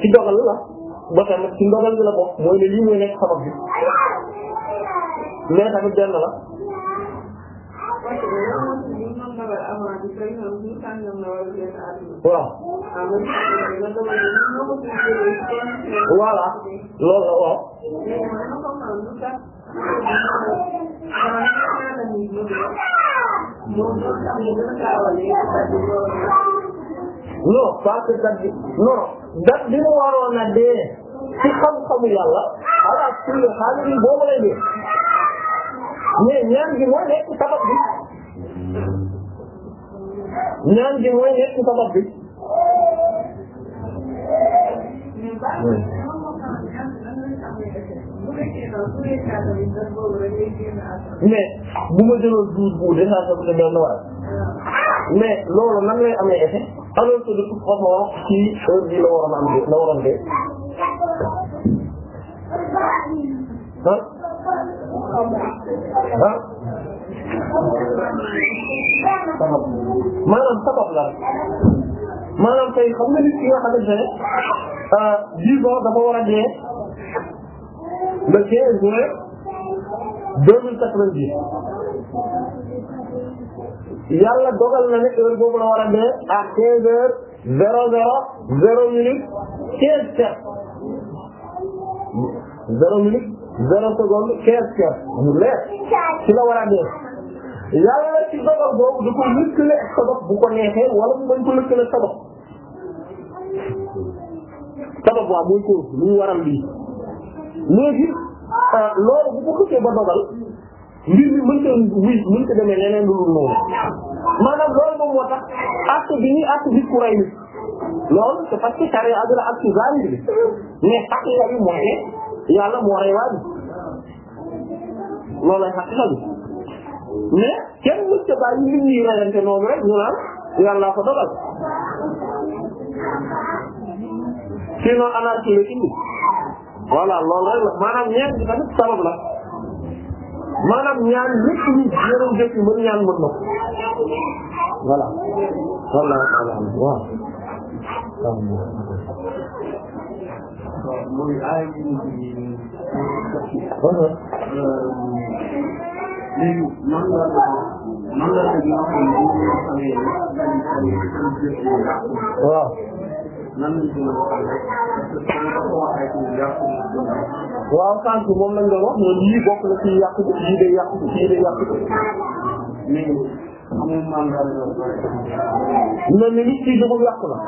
ci dogal la ba tamit ci ndogal bi la bokk mooy ne lii mooy nekk sabab bi mais tamit benn la waaw voilà loolu la waaw non parce que non date bi mu waroon a dee ci xam-xamu yàlla ala kulli xaal yi boobu lay def mais ñaan gi mooy nekk sabab bi ñaan gi mooy nekk sabab bi mais bu ma jëloon douze bu déjà ça peut être war mais loolu nan lay amee effet alors que de toute façon ci heure bi la waroon am ah ah maanaam sabab la maanaam tey xam nga nit ki nga xamante ne ah, dix ans dafa war a dee le quinze juin deux mille quatre-vingt-dix yàlla dogal na ne heure boobu la war a dee à quinze heures zéro zéro zéro minute quinze secondes zéro minute zéro seconde quinze heures mu leer ci la war a dee yàlla ci dogal boobu da ko lëkkale ak sabab bu ko neexee wala mu bañ ko lëkkale sabab sabab waa mooy ko lu waral lii léegi ah, loolu bu ko xëccee ba dogal mbir mi mënta wuy mënta demee leneen lu dul noonu maanaam loolu moom moo tax acte bi ñuy acte bi ku rey nit loolu c'est parce que charia bi la ak ci zahir bi mais xaqiqa bi mooy ne yàlla moo rey waa ji loolu lay xaqiqa bi mais kenn mës ta bàyyi nit ñi reyante noonu rek ñu naan yàlla ko dogal sinon anarchie la indi voilà loolu rek la maanaam ñaan bi tamit sabab la maanaam ñaan lépp lu yoroon jëf yi mën ñaan mën na ko voilà voilà waaw mooy aay bi ñu léegi man la man la nga xam ne moom la xamee waaw. nan lañ gën a xamee. waaw sànq moom lañ doon wax ne lii bokk na ci yàq bi lii day yàq bi lii day yàq bi. léegi amul mandat la. na ne nit ki dugub yàqu la.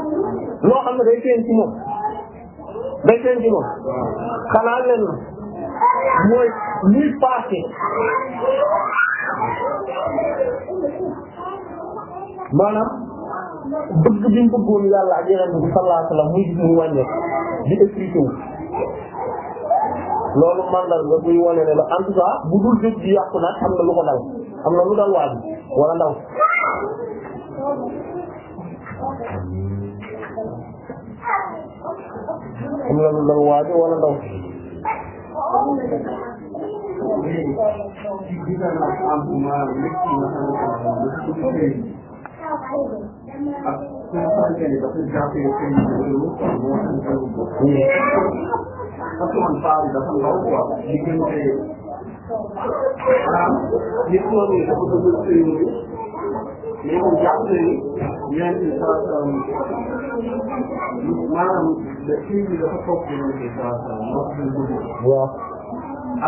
loo xam ne day feeñ ci moom. day feeñ ci moom xanaa leen mooy luy passé maanaam bëgg bi mu bëggoon yàlla ak yeneen mu wàññeeku di expliqué wu loolu mandal nga la en tout ji yàqu nag am na lu ko dal am na lu dal waaj wala moom la ñu doon waaj wala ndaw. maanaam quindi dafa topp yonente bi saa salaam wax ñu dugg. waaw.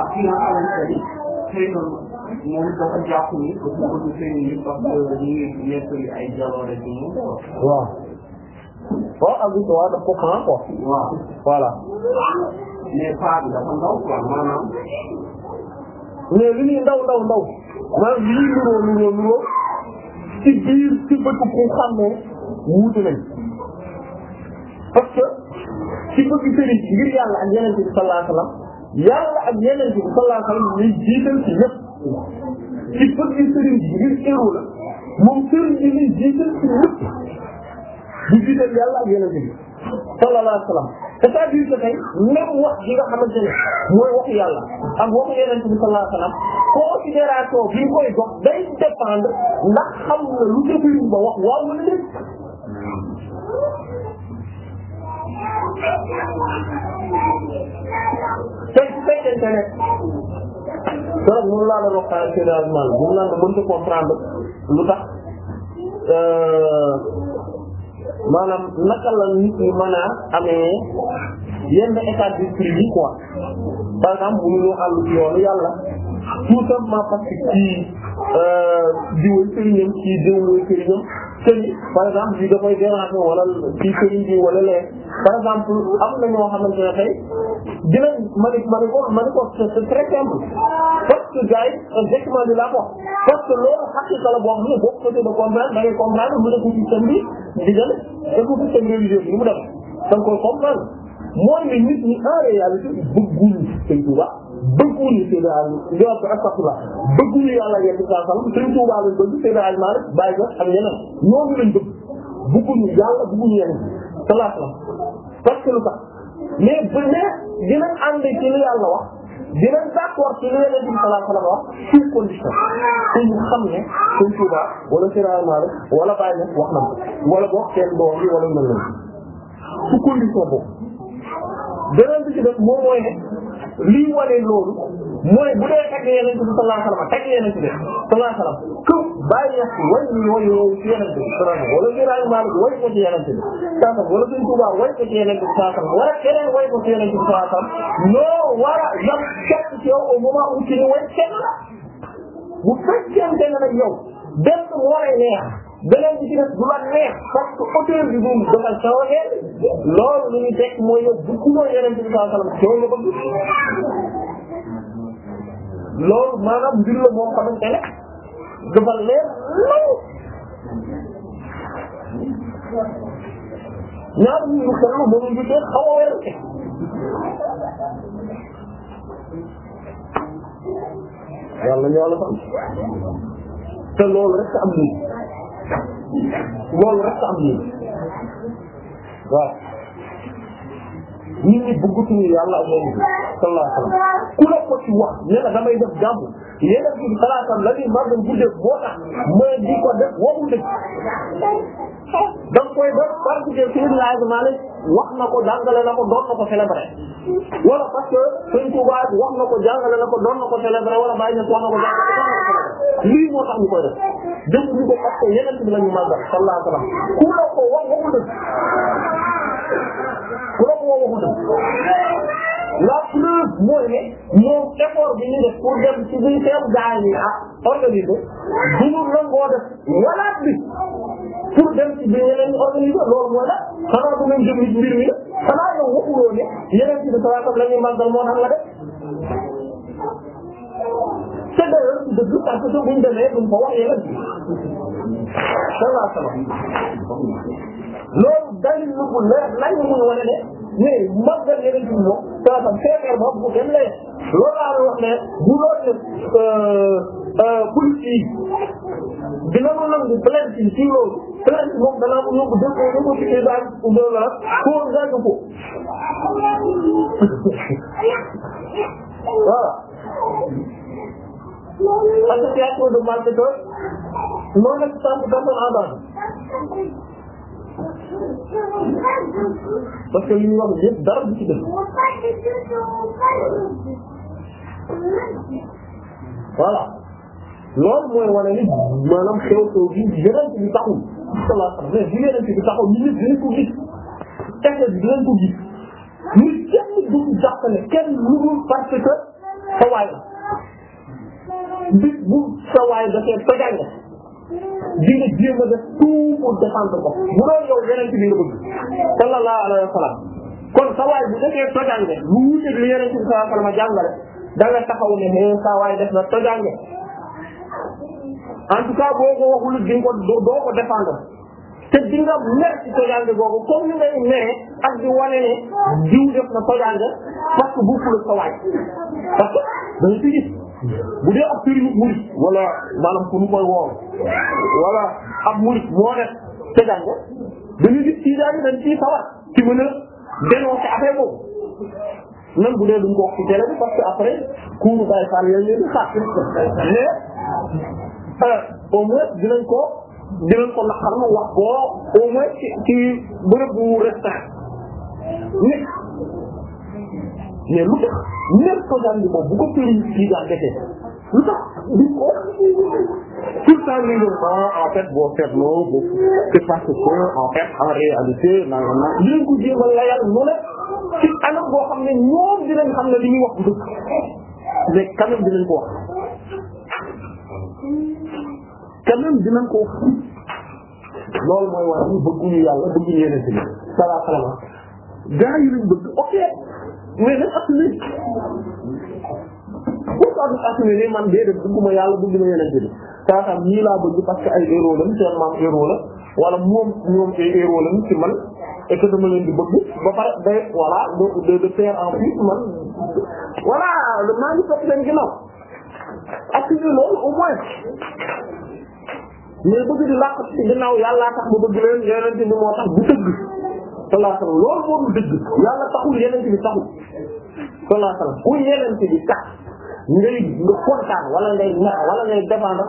ak ki nga xamante ni xëy na moom dafa jàpp ni dafa bëgg sëñ yi parce que ñu ngi nettali ay jaloore ci moom. waaw. waaw ak it waaw daf ko xanaa quoi. waaw. voilà. mais paa bi dafa ndaw quoi maanaam. mais li ñuy ndaw ndaw ndaw. maanaam li ñuy nuroo nuroo nuroo ci biir ci bëgg ku xam ne wuute nañ parce que. ci bëgg sëriñ ngir yàlla ak yeneen bi sallallahu wasallam yàlla ak yeneen bi sallallahu alayhi wasallam ñuy jiital ci ñëpp ci bëgg sëriñ ngir éru la moom sëriñ bi ñuy jiital ci ñëpp di jiital yàlla ak bi sallallahu wasallam c'est-à-dire que tey même wax gi nga xamante ne mooy waxu yàlla ak waxu yeneen bi sallallahu alayhi wasallam considération bi koy jox day dépendre ndax xam na lu dëgg ba wax waaw wala déet tey su fekkente ne keroog mënu laa doon wax caractériellement mënu laa doon mënta comprendre lu tax euh, maanaam naka la nit ñi amee yenn état d'esprit yi quoi par exemple bu ñu àll ci yoonu yàlla tout simplement parce que kii euh, diw mooy sëriñam kii diw mooy sëriñam sëriñ par exemple bi da koy déranger wala ci lee par exemple am na ñoo xamante ne tey dinañ ma ne ma ne ko ma ne ko c'est très simple parce que gars yi exactement li la ko parce que loolu xaqiqa la a xam ne boo a de comprendre da ngay comprendre mu nekk di dem bëgguñu Seydi Ali yow astaghfirullah bëgguñu yàlla yegg saa salaam Sëriñ Tuubaa lañ bëgg Seydi Ali Maalik Baye Niass ak ñeneen ñooñu lañ bëgg bëgguñu yàlla bëgguñu yeneen salaat la parce que lu tax mais ne dinañ ànd ci li wax dinañ d'accord ci li yeneen bi salaat la wax ci condition te ñu xam ne wala Seydi Ali Maalik wala Baye Niass wax na ko wala boog seen doom yi wala mel noonu su condition boobu beneen bi ci def moom mooy ne lii wane loolu mooy bu dee tagg yeneen bi sallallahu alayhi wa sallam tagg yeneen bi sallallahu alayhi wa sallam këm bàyyi ñax way ñu way yow ci yeneen bi sallallahu alayhi wa sallam wala jëraay maalik way ko ci yeneen bi sallallahu alayhi wa sallam wala suñ tuubaa way ko ci yeneen bi sallallahu alayhi wa sallam wala keneen way ko ci yeneen bi sallallahu alayhi wa sallam ñoo war a yam fekk ci yow au moment où ci ni way kenn la bu fekkente ne nag yow benn moo lay neex beneen bi ci def bu la neex parce que auteur bi moom dafa changé loolu lu ñu teg mooy yow bu ku mooy yeneen bi moo xamante ne dafa leer naw loolu rek am nii waaw nit ñi bëggatuñu yàlla ak bi sallallahu alayhi wa sallam ku la ko ci wax nee na damay def jàmm yéen a ngi xalaatam la ni maa doon da nga koy def parce que Seydina Hadj Malick wax na ko jàngale na ko doon na ko célébré wala parce que Sëriñ Touba wax na ko jàngale na ko doon na ko célébré wala Baye Niass wax na ko jàngale na ko célébré lii moo tax ñu koy def def ko parce que yeneen bi la ñu màggal sallallahu alayhi wa ko wax waxu ko wax waxu dëgg la mooy ne moom effort bi ñu def pour dem ci biir teew gaa yi ah organisé du ñu lëngoo def walaat bi pour dem ci biir yeneen organisé loolu mooy la xanaa bu ngeen jëm nit mbir mi la xanaa yow waxuloo ne yeneen ci biir la ñuy a wane ne. mais màggal yeneen kii moom saa tam feebar ba bu dem lee loolu laa wax ne bu loolu ne euh, euh, police yi dina ko nangu plainte yi ci loolu plainte moom danaa ko yóbbu deux fois yóbbu ci daal loolu la pour gàgg ko voilà association de malfaiteurs noonu la ci tàmp tàmpal en bas parce que li ñu wax yëpp dara du ci dëgg voilà loolu mooy wane ni maanaam xew xew bi yeneen bi taxul sallallahu alayhi wa sallam mais yeneen bi taxul nit ñi dañ ko gis bi dañ ko gis nit kenn du jàppale kenn lu dul parce que sa waay la bis bu sa waay dafee tojanga di nga jéem a def tout pour défendre ko bu doon yow yeneen ci biir bëgg sallallahu alayhi kon sa waay bu defee tojange lu wuteeg li yeneen ci biir sallallahu alayhi wa sallam jàngale da def na tojange en tout boo ko waxul di nga ko doo ko défendre te di nga mer ci tojange googu comme ni ngay mere ak di wane def na tojange parce que bu sa waay parce que dañ ci bu dee ab sëriñ murid wala maanaam ku nu koy woow wala ab murid moo def te jàng dañuy gis ci dañu dañ ciy sawar ci mën a dénoncer affaire nan bu dee duñ ko wax ci télé bi parce que après kuuru Baye Fall yooyu leen di xaar mais euh, au moins dinañ ko dinañ ko naqar wax ko au moins ci ci bërëb bu restreint mais lu tax même programme bi moom bu ko péré ci daal defee lu tax du ko tout ça li ñu en fait boo seetloo boo c'est parce que en fait en réalité naan na dinañ ko jéem a layal mu ne ci anam boo xam ne ñoom dinañ xam ne li ñuy wax du dëgg mais quand même dinañ ko wax quand même dinañ ko wax loolu mooy wax ñu bëgguñu yàlla bëgguñu yeneen si salaa salama gaa yi lañ bëgg ok mais nag assumer pourquoi du assumer ne man déedéet bëgguma yàlla bëgguma yeneen bi saasam ñii laa bëgg parce que ay héros lañ seen maam héros la wala moom ñoom ay héros lañ ci man et que leen di bëgg ba pare day voilà de de faire en plus man voilà maa ngi topp leen ginnaaw assumer loolu au moins mais bëgg di làq ci ginnaaw yàllaa tax ma bëgg leen yeneen bi moo tax bu tëgg sallallahu alayhi wasallam loolu moo dul dëgg yàlla taxul yeneen bi taxul sallallahu alayhi wasallam ku yeneen bi tax ngay nga kontaan wala ngay mer wala ngay dépendre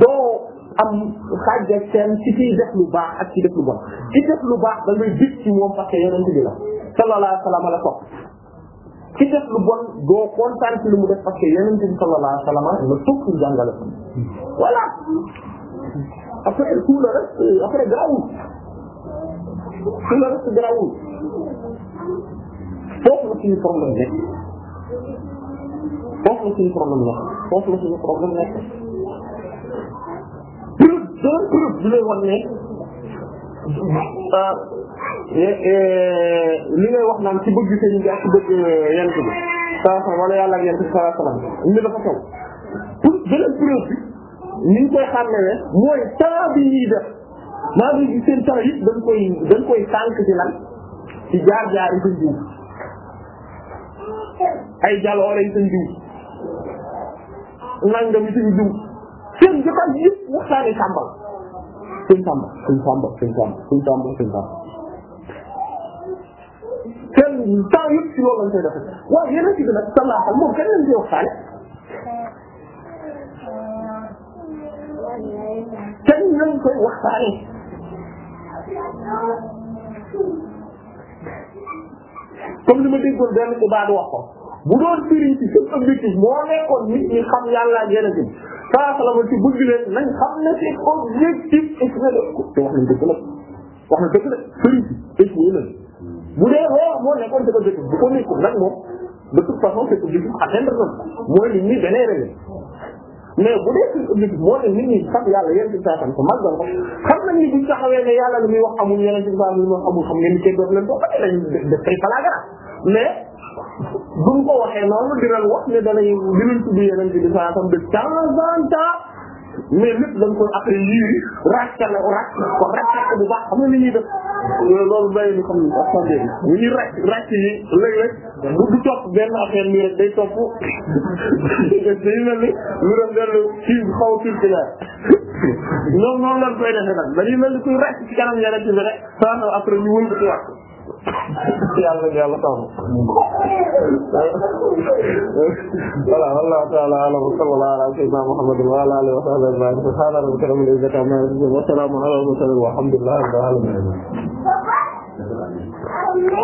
doo am xaaj ak seen ci ciy def lu baax ak ci def lu bon ci def lu baax da ngay dig ci moom parce que yeneen bi la sallallahu alayhi wasallam ci def lu bon doo kontaan ci lu mu def parce que yeneen bi sallallahu alayhi wasallam la topp ci jàngale voilà après tout le reste après garaawul que le reste garaawul foofu la suñu problème nekk foofu la suñu problème nekk foofu la suñu problème nekk preuve de preuve bi lay wan ne ah, eh, eh, li ngay wax naan ci bëgg sëñ bi ak ci bëgg eh, yent bi saa salaam wala yàlla ak yent bi saa salaam ñu dafa taw pour beneen preuve bi ni maanaam yi seen sara yëpp dañ koy dañ koy sànq ci lan ci jaar-jaar yi seen diw ay jaloore yi seen diw nangam yi seen diw seen jotaay yëpp waxtaane sàmbal seen sàmbal seen sàmbal seen sàmbal seen sàmbal seen sàmbal seen temps yëpp ci loolu lañ koy def waaw yeneen ci bi nag sallaaxal moom kenn lañ koy waxtaane kenn lañ koy waxtaane comme li ma déggoon benn ci baat wax ko moo nekkoon nit xam yàlla ak yeneen bi saa salama ci bëgg leen nañ xam ne seen objectif na def ko te wax na dëgg la firi ci échoué nañ bu dee moo nekkoon seen objectif bu ko nekkul nag moom de toute façon mais bu dee suñ ëllëg moo tax nit ñi sax yàlla yéen si saatam ko màggal ko xam nañ ni buñ taxawee ne yàlla li muy wax amul yeneen si saa muy wax amul xam ngeen ni kenn dootu leen ko waxee lañ def tey falaagara mais buñ ko waxee noonu dinañ wax ne danañ dinañ tudd yeneen si saatam de temps en temps mais lépp dañ koy après lii ràccale ràcc ko ràcc bu baax xam nga ni ñuy loolu mbay mi xam ni ak santé bi ñu ñuy ràcc ràcc yi léeg-léeg bu du topp benn affaire nii rek day topp day mel ni lu doon dellu ci xaw a circulaire ñoom noonu lañ koy defee nag dañuy mel ni kuy ràcc ci kanam yeneen ci bi rek après ñu wël yàlla yàlla sàmm voilà wallahu ta'ala a'lam wa sallallahu ala sayyidina muhammadin wa ala alihi wa sahbihi ajma'in subhana rabbika rabbil izzati amma yasifun wa salamun ala al mursalin walhamdulillahi rabbil alamin